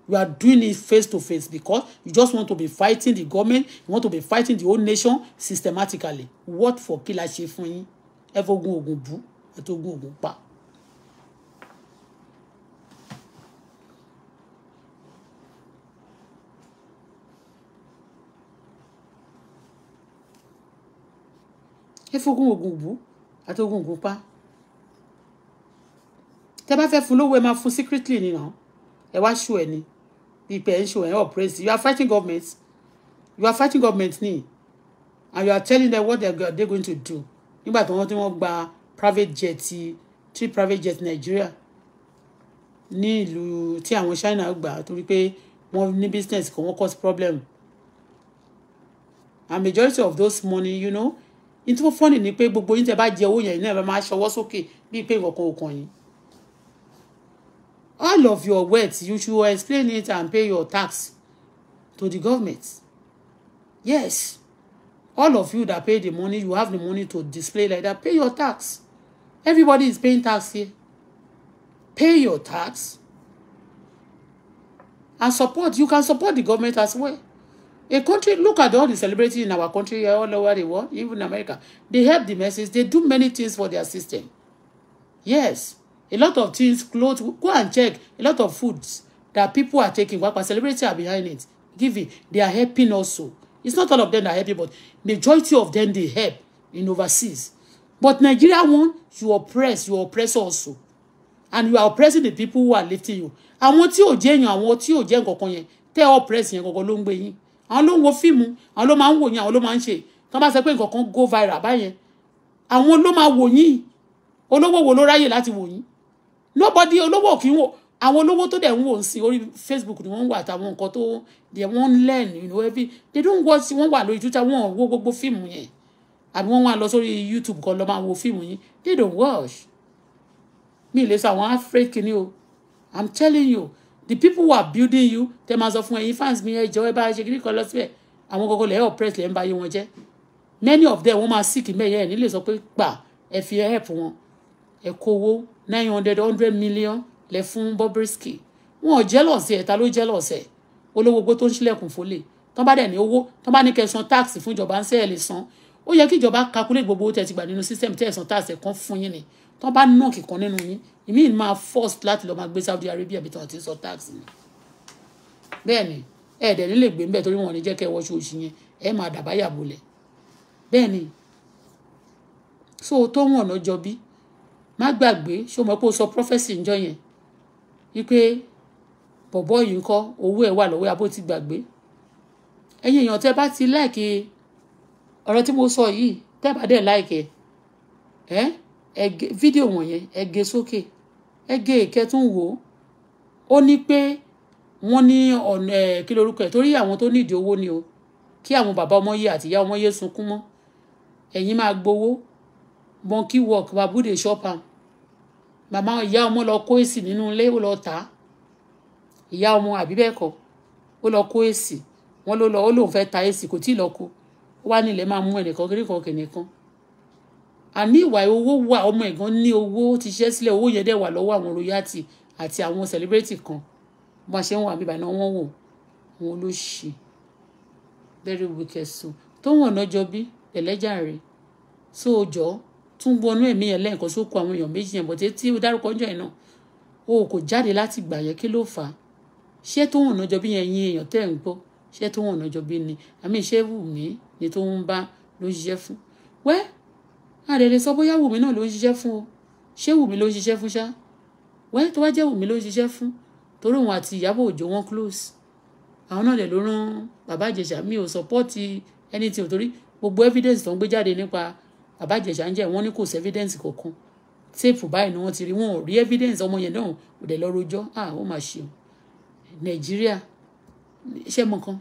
[SPEAKER 1] you are doing it face to face because you just want to be fighting the government you want to be fighting the whole nation systematically what for kí la ṣe fún yín ẹ fogun ogun bu ẹ tó ogun pa. ẹ fogun ogun bu àtògùn ògùnpá tẹ bá fẹ́ fún lówó ẹ máa fún secretly ni hàn ẹ wá ṣù ẹ ni ìpè ń ṣù ẹ ọ̀pẹ́sì you are fighting government you are fighting government ni and you are telling them what they are they going to do nígbà tí wọ́n ti wọ́n gba private jet three private jet Nigeria ní ìlú tí àwọn China gbà torí pé wọ́n ní business kan wọ́n cause problem and majority of those money you know ní tí wọ́n fọ́nì ni pé gbogbo yín tẹ́ bá jẹ owó yẹn iná ẹ̀ máa ṣọwọ́ sókè bíi pé ìwọ̀kan òkan yín. all of your wealth you should explain it and pay your tax to the government yes all of you that pay the money you have the money to display like that pay your tax everybody is paying tax here pay your tax and support you can support the government as well A country, look at all the celebrities in our country, all over the world, even America. They help the masses. They do many things for their system. Yes, a lot of things, clothes, go and check. A lot of foods that people are taking, what celebrities are behind it, giving. They are helping also. It's not all of them that are helping, but majority of them, they help in overseas. But Nigeria one, you oppress, you oppress also. And you are oppressing the people who are lifting you. Àwọn tí ò jẹ́ èèyàn, àwọn tí ò jẹ́ nǹkan kan yẹn, tẹ́ oppress yẹn gangan ló ń gbé yín àwọn ló ń wo fíìmù àwọn ló máa ń wò yín àwọn ló máa ń ṣe tó bá sọ pé nǹkan kan go viral báyẹn àwọn ló máa wò yín olówó wo ló ráyè láti wò yín nobody olówó kì í wò àwọn olówó tó dẹ̀ ń wò sí orí Facebook ni wọ́n ń wà àtàwọn nǹkan tó dẹ̀ wọ́n ń learn you know every they don't wọ́n wà lórí Twitter wọ́n wo gbogbo fíìmù yẹn àbí wọ́n wá lọ sórí YouTube kan lọ máa wo fíìmù yín they don't watch mi ì lè sọ àwọn afrèkì ni o I'm telling you the people who are building you tẹ máa sọ fún ẹ̀yin fans mi ẹ jọ̀ọ́ ẹ bá ṣe kiri kan lọ síbẹ̀ àwọn kọkọ lẹ oppress lẹ ń bá yé wọn jẹ many of them wọn máa sick mẹyẹ ẹ nílé sọ pé gbà ẹ fi help wọn ẹ kó nine hundred hundred million lẹ fún Bobrisky wọn ò jealous ẹ ta ló jealous ẹ olówógbó tó ń ṣílẹ̀kùn fólè tán bá dẹ̀ ní owó tán bá ní kẹ́ san tax fún ìjọba ń sẹ́ẹ̀ lè san ó yẹ kí ìjọba calculate gbogbo owó tẹ́ ti gbà nínú system tẹ́ ẹ̀ san tax ẹ̀ kan fún yín ni tó bá nọ́ọ̀kì kan nínú yín ìmí máa force láti lọ́ọ́ máa gbé Saudi Arabia bí tọ́wọ́ ti sọ tax ni bẹ́ẹ̀ ni ẹ̀ẹ́dẹ̀ nílé gbé ńbẹ̀ torí wọn ní jẹ́ kẹ́ ẹ wọṣọ oṣù yẹn ẹ máa dàbá yàbò lẹ̀ bẹ́ẹ̀ ni so tó wọn ọ̀nà jọ bí má gbàgbé ṣó mọ̀ pé ó sọ prophesy ńjọ yẹn wípé bọ̀bọ́ yìí ń kọ́ owó ẹ̀ wà lọ́wọ́ abó ti gbàgbé ẹ̀yin èèyàn tẹ́ bá ti láìkè ọ̀rọ̀ tí mo sọ yìí tẹ́ bá dẹ̀ láìkè ẹ́ ẹgẹ fídíò wọ̀nyẹn ẹgẹ sókè ẹgẹ ìkẹtùn wò ó ní pé wọ́n ní ọ̀nà ẹ̀ kí lorúkọ ẹ̀ torí àwọn tó nídìí owó ni o kí àwọn bàbá ọmọ yìí àtìyá ọmọ yìí sunkún mọ́ ẹ̀yin máa gbowó monkey work babu dey shop am màmá ìyá ọmọ lọ kó èsì nínú ilé ó lọ tà á ìyá ọmọ àbí bẹ́ẹ̀ kọ́ ó lọ kó èsì wọ́n ló lọ ó lóun fẹ́ ta èsì kò tí ì lọ kó wá nílẹ̀ máa mú ẹnìkan kiri kan kìnìkan àní ìwà owó wà ọmọ ẹ̀gán ní owó ti ṣiṣẹ́ sílẹ̀ owó yẹn dẹ̀ wà lọ́wọ́ àwọn royalty àti àwọn celebrity kan bó a ṣe ń wà bíbá náà wọ́n wò wọn ló ṣe very wicked so tó wọ̀n náà jọ bí ẹlẹ́jà rẹ̀ so jọ tún wọnú ẹ̀mí yẹn lẹ́ẹ̀kan só kó àwọn èèyàn méjì yẹn bọ̀tẹ́ tí o dárúkọ ọjọ́ yẹn náà o kò jáde láti gbà yẹn kí ló fà á ṣé tó wọ̀n náà jọ bí yẹn yin èèyàn tẹ́ ń gbọ́ ṣé tó wọ̀n náà jọ bí ni àmì ṣé wù mí ni tó ń bá ló ń ṣiṣẹ́ fún wẹ́ẹ́ àdèrè sọ bóyá wùmí náà ló ń ṣiṣẹ́ fún o ṣé wùmí ló ń ṣiṣẹ́ fún ṣá wẹ́n tó wá jẹ́ wùmí ló ń ṣiṣẹ́ fún torí òun àti ìyábọ̀ òjò wọn close àwọn náà dẹ̀ ló rán bàbá ìjẹ̀ṣà mi ò sọpọ́ọ̀tì anything torí gbogbo evidence tó ń gbé jáde nípa bàbá ìjẹ̀ṣà ń jẹ́ wọ́n ní kò sí evidence kankan téèpù báyìí ni wọ́n ti rí wọn ò rí evidence ọmọ yẹn náà kò dẹ̀ lọ rojọ́ à ó máa ṣe nàìjíríà ṣé mọ̀ kan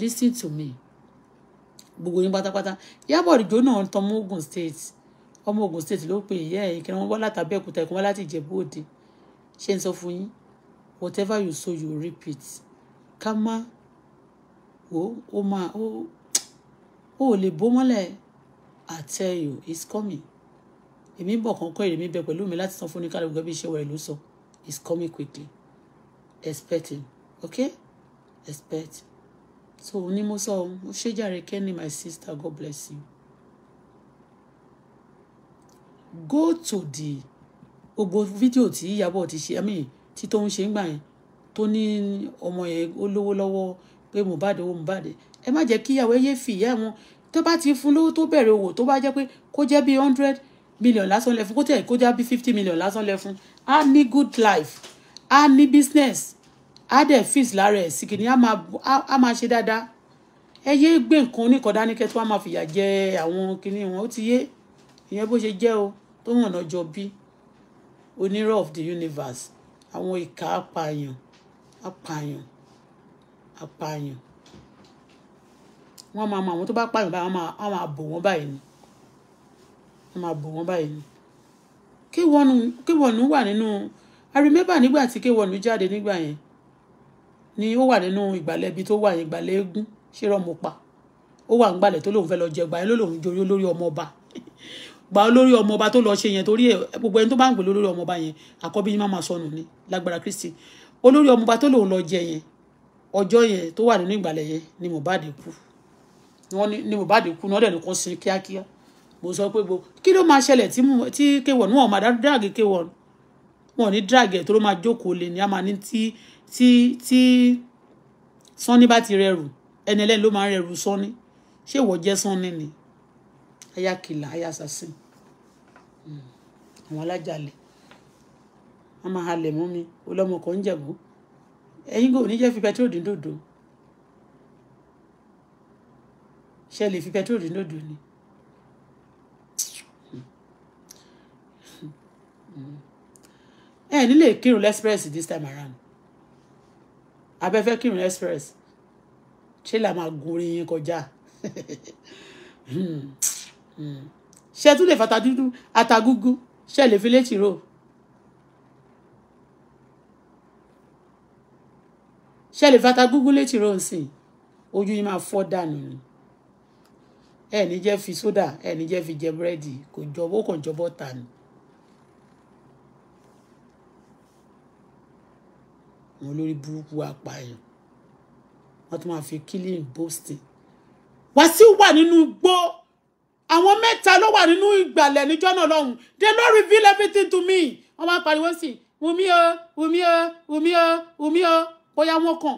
[SPEAKER 1] listen to me gbogbo yín pátápátá Ìyábọ̀ Òjó náà ń tan ọmọ Ogun State ọmọ Ogun State ló pe ìyá ẹ̀ kí wọ́n wá láti Abẹ́òkúta ẹ̀kọ́ wá láti Ìjẹ̀bú Òde ṣé ń sọ fún yín whatever you sow you repeat ká má o ó máa ó ó lè bó mọ́lẹ̀ I tell you it's coming èmi bọ̀ kọ́kọ́ èrè mi bẹ pẹ̀lú mi láti san fún oníkálukú gẹ́gẹ́ bí iṣẹ́ wẹ̀rẹ̀ ló sọ it's coming quickly expecting okay expect so ni mo sọ mo ṣé jàre kẹ́ni my sister God bless you go to the gbogbo fídíò tí Ìyábọ̀ ti ṣe àmì tí tó ń ṣe ń gbà yẹn tó ní ọmọ yẹn ó lówó lọ́wọ́ pé Mohbad owó Mohbad ẹ má jẹ́ kí ìyàwó yé fi ìyá wọn tó bá ti fún lówó tó bẹ̀rẹ̀ owó tó bá jẹ́ pé kó jẹ́ bí hundred million lásán lẹ fún kó tẹ̀ kó jẹ́ bí fifty million lásán lẹ fún á ní good life á ní business á dẹ̀ fíìs lára ẹ̀ sí kìíní á máa ṣe dáadáa ẹ yé gbé nǹkan oníkọ̀dá ní kẹtù wá máa fìyà jẹ àwọn kìíní wọn ó ti yé ìyẹn bó ṣe jẹ́ o tó hàn lọ́jọ́ bí onírọ̀ of the universe àwọn ìka apààyàn apààyàn apààyàn wọ́n máa mọ àwọn tó bá pààyàn báyìí wọ́n máa bò wọ́n báyìí ni wọ́n máa bò wọ́n báyìí ni kéwọnù wà nínú I remember nígbà tí kéwọnù jáde nígbà yẹn ni ó wà nínú ìgbàlẹ̀ ibi tó wà ìgbàlẹ̀ eégún ṣé rọ́mọ pa ó wà ń gbàlẹ̀ tó lòun fẹ́ lọ jẹ gbà yẹn ló lòun joyó lórí ọmọ ọba gbà olórí ọmọ ọba tó lọ ṣe yẹn torí ẹ gbogbo ẹni tó bá ń pè lórí ọmọ ọba yẹn àkọ́bí yín má máa sọnù ni lágbára Kristi olórí ọmọ ọba tó lòun lọ jẹ yẹn ọjọ́ yẹn tó wà nínú ìgbàlẹ̀ yẹn ni Mohbad kú ni Mohbad kú ni wọ́n dẹ̀ ní kó sin kíákíá mo sọ pé gbogbo kí ló máa ṣẹlẹ̀ tí kéwọ̀n wọn máa dá dráàgì kéwọ̀n wọn ò ní dráàgì ẹ̀ tó ló máa jókòó lè ní a máa ní tí tí tí sanni bá ti rẹrù ẹni ẹlẹ́ni ló máa ń rẹrù sanni ṣé ìwọ jẹ́ sanni ni ayakìlà ayasasin hmm, àwọn alájàlẹ̀ wọ́n máa halẹ̀ mọ́ mi olọ́mọ kan ń jẹ̀bú ẹ̀yin kò ní jẹ́ fi pẹtrol dín dòdò ṣe lè fi pẹtrol dín dòdò ni. Hmm, hmm, ẹ nílé kírun lexpress this time around abẹ́fẹ́ kírun express ṣé là máa gun orin yẹn kọjá hmm, hmm. ṣé tún lè fata dúdú atagúgú ṣé lè fi létí rò ṣé lè fata gúgú létí rò nsìn ojú yín máa fọ́ dànù ni ẹ ní jẹ́ fi sódà ẹ ní jẹ́ fi jẹ búrẹ́dì kò jọ ó kàn jọ bọ́ta ni. wọn lórí burúkú apààyàn wọn tún máa fi killing boasting Wàsíù wà nínú igbó àwọn mẹ́ta ló wà nínú ìgbàlẹ̀ níjọ́ náà lọ́hùn they no reveal everything to me wọ́n máa pariwo sí wùmí o wùmí o wùmí o wùmí o bóyá wọ́n kàn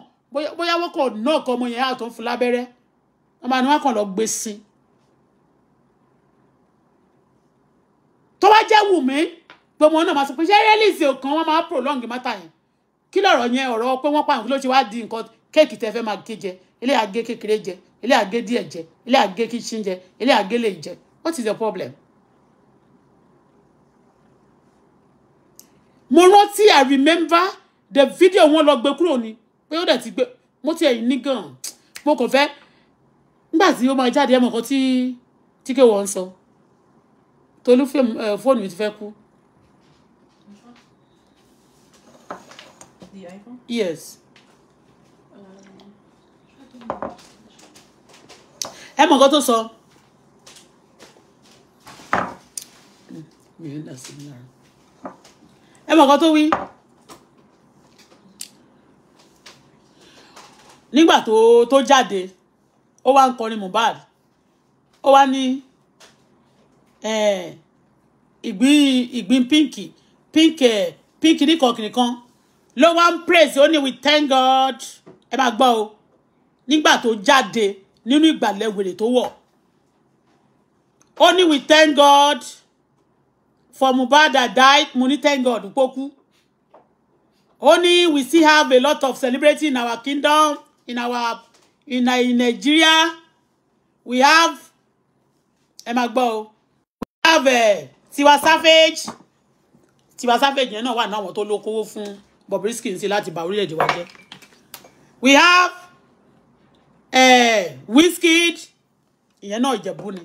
[SPEAKER 1] bóyá wọ́n kàn náà kọ́ ọmọ yẹn àtọ̀ ń fún lábẹ́rẹ́ ọmọ àni wọ́n kàn lọ gbé sí i. tó bá jẹ́ wùmí gbogbo náà máa sọ pé ṣé rẹ́líìsì ọ̀kan wọn máa prolong mátà yẹn kí lọ̀rọ̀ yẹn ọ̀rọ̀ pé wọ́n pààyàn kí ló ṣe wá di nǹkan kéèkì tẹ́ fẹ́ máa ké jẹ ilé àgé kékeré jẹ ilé àgé díẹ̀ jẹ ilé àgé kíṣín jẹ ilé àgé lè jẹ what is the problem? mo rántí I remember the video wọn lọ gbé kúrò ni pé ó dẹ̀ ti gbé mo ti ẹ̀yìn ní gan mo kàn fẹ́ nígbà tí ó máa jáde ẹ̀mọ̀ kan tí tí kéwọ́n ń sọ Tolú fóònù mi ti fẹ́ kú the iPhone? Yes. Um, ẹ mọ̀ nǹkan tó sọ. ẹ mọ̀ nǹkan tó wí. nígbà tó tó jáde ó wá ń kọrin Mohbad ó wá ní eh, ìgbín pinky, pínkì eh, pínkì pínkì nìkan kìnìkan ló one praise only we thank God ẹ máa gbọ́ o nígbà tó jáde nínú ìgbàlẹ̀ wèrè tó wọ̀ ó we thank God for Mohbad died mo thank God pé Only we still have a lot of celebrity in our kingdom in our in, in Nigeria we have ẹ máa gbọ́ o we have uh, Tiwa Savage Tiwa Savage yẹn náà wà náà àwọn tó lókòwò fún un. Bobrisky ń ṣe láti bà orílẹ̀-èdè wa jẹ́ we have uh, Wizkid ìyẹn náà ìjẹ̀bú ni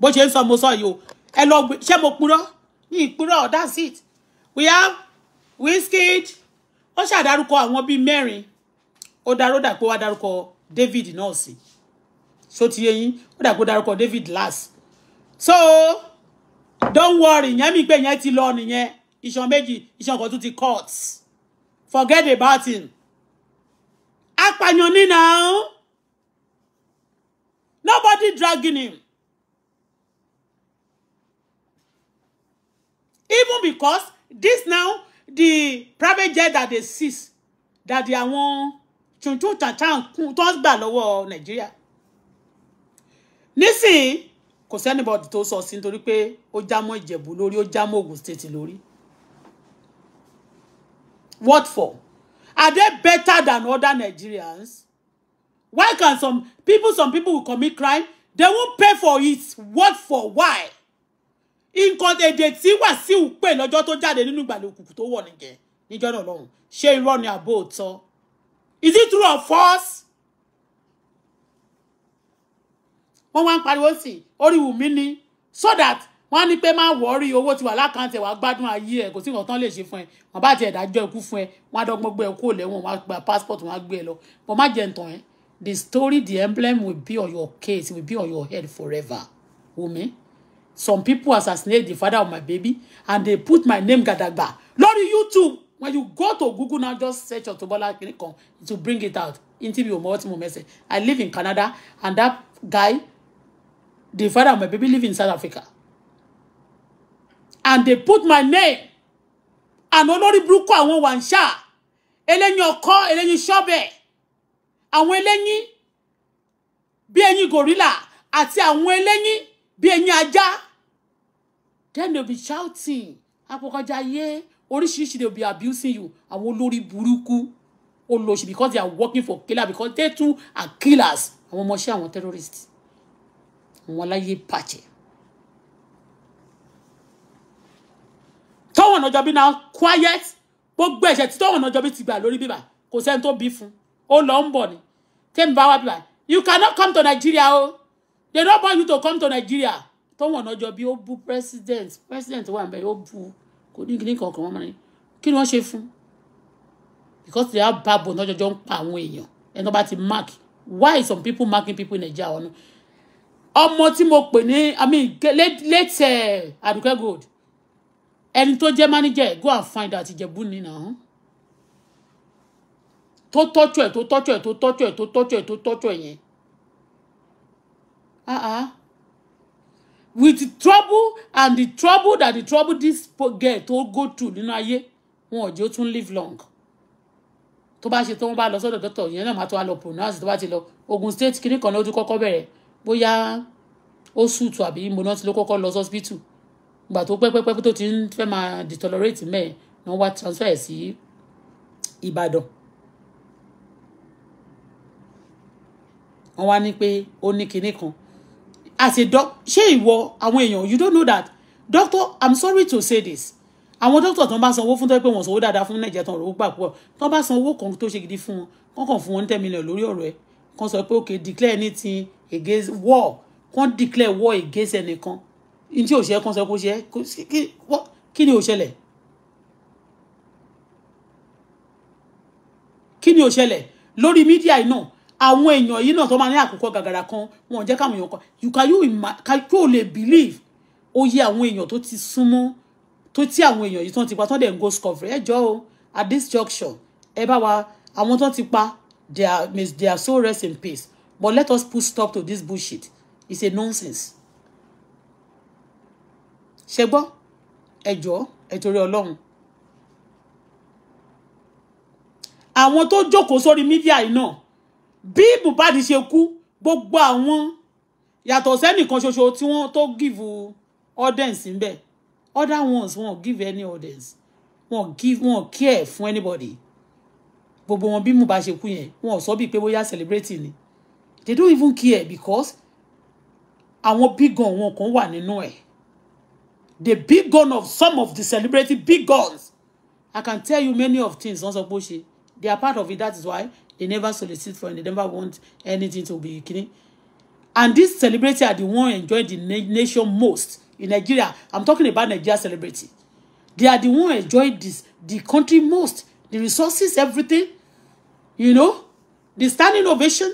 [SPEAKER 1] bó ṣe ń sọ mo sọ yìí o ẹ lọ gbé ṣé mo purọ́ ní ìpurọ́ that's it we have Wizkid ó ṣàdárúkọ àwọn bíi mẹ́rin ó darọ́ dàpọ̀ wá darúkọ David náà sí so ti yé yín ó dàpọ̀ darúkọ David last so don't worry yẹn mi pé yẹn ti lọ nìyẹn iṣan méjì iṣan kan tún ti cut forget about him apàyàn nínà nobody dragging him even because this now the private jet that they seize that the àwọn tuntun tantan tó ń gbà lọ́wọ́ nàìjíríà nísìnyí kò sẹ́nibọ̀dì tó sọ sí nítorí pé ó já mọ́ ìjẹ̀bú lórí ó já mọ́ ògùn stéètì lórí What for? Are they better than other Nigerians? Why can some people, some people will commit crime, they won't pay for it. What for? Why? nǹkan èdè tí Wàsíù pè lọ́jọ́ tó jáde nínú ìgbàlẹ̀ òkùnkùn tó one again. níjọ́ náà lọ́hùn She run your boat, so Is it true or false? Wọ́n wá ń pariwo sí orí Wùmí ni so that wọ́n á ní pé má wọ́ọ́rì owó ti wà lákàntì ẹ̀ wá gbádùn ayé ẹ̀ kò sí nǹkan tán lè ṣe fún ẹ wọ́n bá ti ẹ̀dá jọ ikú fún ẹ wọ́n á dọ́gbọ́n gbé ẹ kó lẹ́wọ̀n wọ́n gba passport wọ́n á gbé ẹ lọ but má jẹ́ ntàn ẹ́ the story the emblem will be on your case will be on your head forever wumi some people assassinate the father of my baby and they put my name gadagba lórí youtube when you go to google now just search Auto-Bola Kinikan to bring it out interview omo tí mo message i live in canada and that guy the father of my baby live in south africa and they put my name àná olórí burúkú wansha, wàǹṣà oko ọkọ eléyìn ṣọ́bẹ̀ àwọn eléyìn bí eyín gorilla àti àwọn eléyìn bí eyín aja, then they be shouting apọkọjá yé oríṣiríṣi they be abusing you àwọn olórí burúkú olóṣì because they are working for killer because they too are killers àwọn ọmọọṣẹ́ àwọn terrorists àwọn aláyé bàjẹ́. Toyin Onajobi now quiet gbogbo ẹ̀ṣẹ̀ tí Toyin Onajobi ti gbà lórí bíbà kò sẹ́ni tó bí fún ó lọ ń bọ̀ ni tẹ́mi bá wá bíbà you cannot come to Nigeria o oh. they don't want you to come to Nigeria Toyin Onajobi ó bú president president wà bẹ́ẹ̀ ó bú kò ní kíní kankan wọn mọ́ni kí ni wọ́n ṣe fún because they have bad bone lọ́jọ́jọ́ ń pa àwọn èèyàn ẹni tó bá ti mark why some people marking people in Nigeria ọ̀nà ọmọ tí mo pè ní i mean late late uh, Aduke Gold ẹni tó jẹ́ mánéjà ẹ̀ go and find out ìjẹ̀bú ni nà án tó tọ́jú ẹ̀ tó tọ́jú ẹ̀ tó tọ́jú ẹ̀ tó tọ́jú ẹ̀ tó tọ́jú ẹ̀ yẹn ah ah with trouble and the trouble that the trouble this girl tó go through nínú ayé wọn ò jẹ́ ó tún live long tó bá ṣe tó wọ́n bá lọ sọ́dọ̀ dọ́tọ̀ yẹn náà máa tó wá lọ pronounce tó bá ti lọ Ogun State kìnnìkan náà ó ti kọ́kọ́ bẹ̀rẹ̀ bóyá ó sùtù àbí mo náà ti ló kọ́kọ́ lọ sọ́sibítù. So gbà tó pẹ́pẹ́pẹ́ tó ti ń fẹ́ máa detolerate mẹ́ẹ̀ ni wọ́n wá transfer ẹ̀ sí Ìbàdàn wọ́n wá ní pé ó ní kinní kan as a doc ṣé ìwọ àwọn èèyàn you don't know that doctor i'm sorry to say this àwọn dókítà tó ń bá sanwó fún tó pé wọn sanwó dáadáa fún nàìjíríà tó ń rówó gbà púpọ̀ tó ń bá sanwó kan tó ṣe gidi fún wọn wọn kàn fún wọn ní ten million lórí ọ̀rọ̀ ẹ̀ kan sọ pé okay declare anything against war kan declare war against ẹnìkan n tí òṣìṣẹ́ kan sọ kó ṣe kí ni ó ṣẹlẹ̀ kí ni ó ṣẹlẹ̀ lórí mídíà yìí náà àwọn èèyàn yìí náà tó máa ní àkókò gàgàrà kan wọn ò jẹ́ káwọn kan you can you can you lè believe oyè àwọn èèyàn tó ti súnmọ́ tó tí àwọn èèyàn yìí tán ti pa tán dẹ̀ ń go discovery ẹ jọ̀ọ́ o at this junction ẹ bá wa àwọn tán ti pa they are they are so rest in peace but let us put stop to this bullshit it's a nonsense ṣe gbọ́ ẹjọ́ ẹ̀tọ́rẹ́ ọlọ́run àwọn tó jókòó sórí mídíà yìí náà bí Mohbad ṣe kú gbogbo àwọn yàtọ̀ sẹ́nìkan ṣoṣo tí wọ́n tó give audience níbẹ̀ other ones wọ́n give any audience wọ́n give wọ́n care fún anybody gbogbo wọn bí Mohbad ṣe kú yẹn wọ́n sọ bíi pé bóyá celebrating ni they don't even care because àwọn big gun wọn kan wà nínú ẹ̀ the big gun of some of the celebrated big guns i can tell you many of things wọn sọ pé they are part of it that is why they never solicit for it they never want anything to be kini and these celebrity are the one enjoy the na nation most in nigeria i'm talking about nigeria celebrity they are the one enjoy this the country most the resources everything you know the standing ovation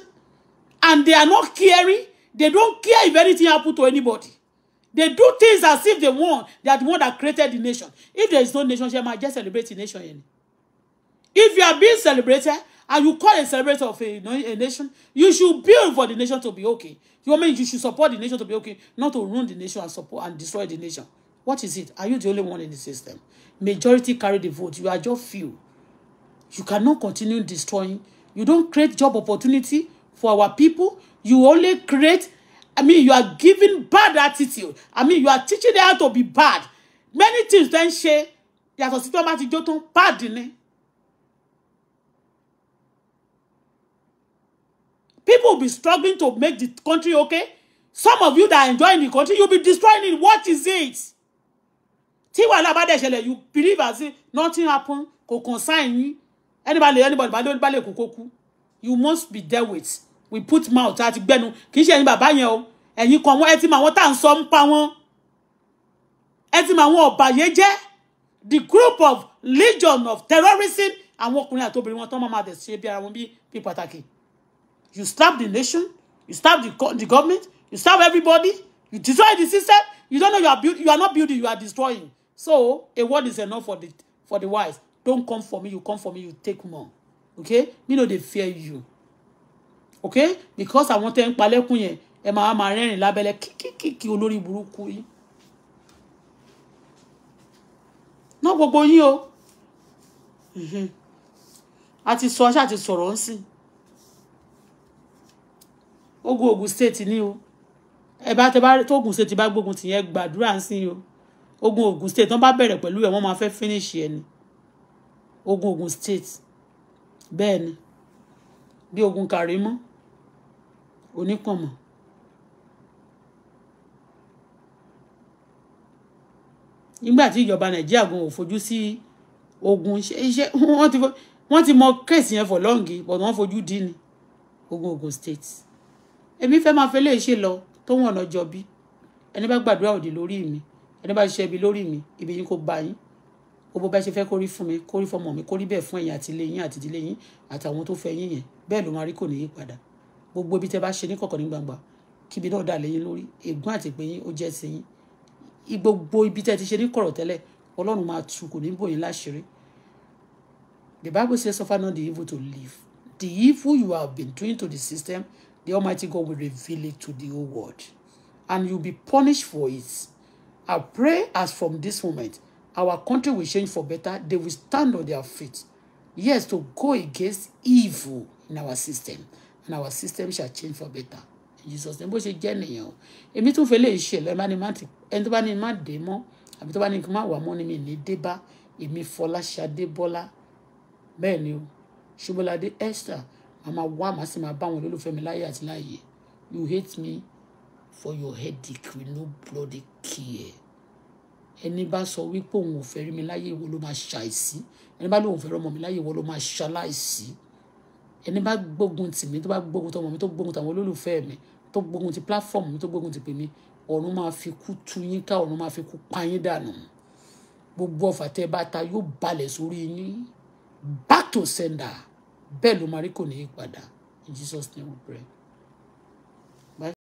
[SPEAKER 1] and they are not caring they don't care if anything happen to anybody They do things as if they want. They are the one that created the nation. If there is no nation, shey might just celebrate the nation. If you are being celebrated and you call a celebrator of a, a nation, you should build for the nation to be okay. You mean you should support the nation to be okay, not to ruin the nation and support and destroy the nation. What is it? Are you the only one in the system? Majority carry the vote. You are just few. You cannot continue destroying. You don't create job opportunity for our people. You only create I mean, you are giving bad attitude. I mean, you are teaching them how to be bad. Many things then ṣe yàtọ̀ sí tí wọ́n bá ti jó tán bad ni. People be struggling to make the country okay. Some of you that are enjoying the country, you be destroying it. What is it? Tí wàhálà bá dẹ̀ ṣẹlẹ̀, you believe as if nothing happen, kò concern yín. Anybody, anybody, anybody, anybody, kò kó kú. You must be there with we put mouth àti gbẹnu kì í ṣe ẹ̀yin bàbá yẹn o ẹ̀yin kan wọn ẹ ti mọ àwọn tá à ń sọ ń pa wọn ẹ ti mọ àwọn the group of legion of terrorism àwọn ọkùnrin àti obìnrin wọn tán máa máa dẹ̀ ṣe bí ara wọn bí pàtàkì you slap the nation you slap the, the government you slap everybody you destroy the system you don't know you are build, you are not building you are destroying so a word is enough for the for the wise don't come for me you come for me you take more okay me no dey fear you okay because àwọn tẹ́ ń palẹ́kùn yẹn ẹ máa máa rẹ́rìn lábẹ́lẹ́ kíkíkíkí olórí burúkú yìí náà gbogbo yín o a ti sọ aṣáà ti sọ̀rọ̀ ń sìn ogun Ògùn state ni o ẹ bá tẹ bá tó Ògùn state bá gbógun tìyẹn gbàdúrà ń sìn o ogun Ògùn state tán bá bẹ̀rẹ̀ pẹ̀lú ẹ̀ wọ́n máa fẹ́ finish ẹ̀ ni ogun Ògùn state bẹ́ẹ̀ ni bí ogun Kàrímọ́ oníkànmọ́. nígbà tí ìjọba nàìjíríà gan ò fojú sí ogun iṣẹ́ wọ́n ti mọ kẹ́sì yẹn for long but wọ́n fojú dín ní ogun Ogun State èmi fẹ́ máa fẹ́ lè ṣe lọ tó wọn ọ̀nà jọ bí ẹni bá gbàdúrà òdì lórí mi ẹni bá ṣiṣẹ́ ibi lórí mi ibi yín kò bá yín gbogbo bá ṣe fẹ́ kórí fún mi kórí fọmọ mi kórí bẹ́ẹ̀ fún ẹ̀yin àti ilé yín àti ìdílé yín àtàwọn tó fẹ́ yín yẹn bẹ́ẹ̀ ló máa rí kò ní yí padà gbogbo ibi tẹ́ bá ṣe ní kọ̀kọ̀ ní gbangba kíbi náà dà lẹ́yìn lórí ègún àti ìpínyín ó jẹ́ sí yín gbogbo ibi tẹ́ ti ṣe ní kọ̀rọ̀ tẹ́lẹ̀ ọlọ́run máa tu kò ní bò láṣìírí the bible says suffer not the evil to live the evil you have been doing to the system the almighty god will reveal it to the whole world and you be punished for it i pray as from this moment our country will change for better they will stand on their feet yes to go against evil in our system and our system shall change for better in Jesus name bó ṣe jẹ́ nìyẹn o èmi tún fẹ́ lè ṣe lọ ẹni tó bá ní má dé mọ́ àbí tó bá ní kí n má wà mọ́ ni mi ní dé bá èmi Fọláṣadé Bọ́lá bẹ́ẹ̀ ni o Ṣoboládé Esther màmá wá màá sì máa bá àwọn olólùfẹ́ mi láyé àti láàyè you hate me for your headache with no bloody care ẹni bá sọ wípé òun ò fẹ́ rí mi láyé ìwọ ló máa ṣàìsí ẹni bá lóun fẹ́ rọmọ mi láyé ìwọ ló máa ṣaláìsí ẹni bá gbógun tì mí tó bá gbógun tọmọ mi tó gbógun tàwọn olólùfẹ́ mi tó gbógun ti platform mi tó gbógun ti pè mí ọ̀run máa fi kú tu yín ká ọ̀run máa fi kú pa yín dànù gbogbo ọ̀fà tẹ́ bá ta yóò balẹ̀ sórí yín back to sender bẹ́ẹ̀ ló máa rí kò ní í padà in Jesus name we pray.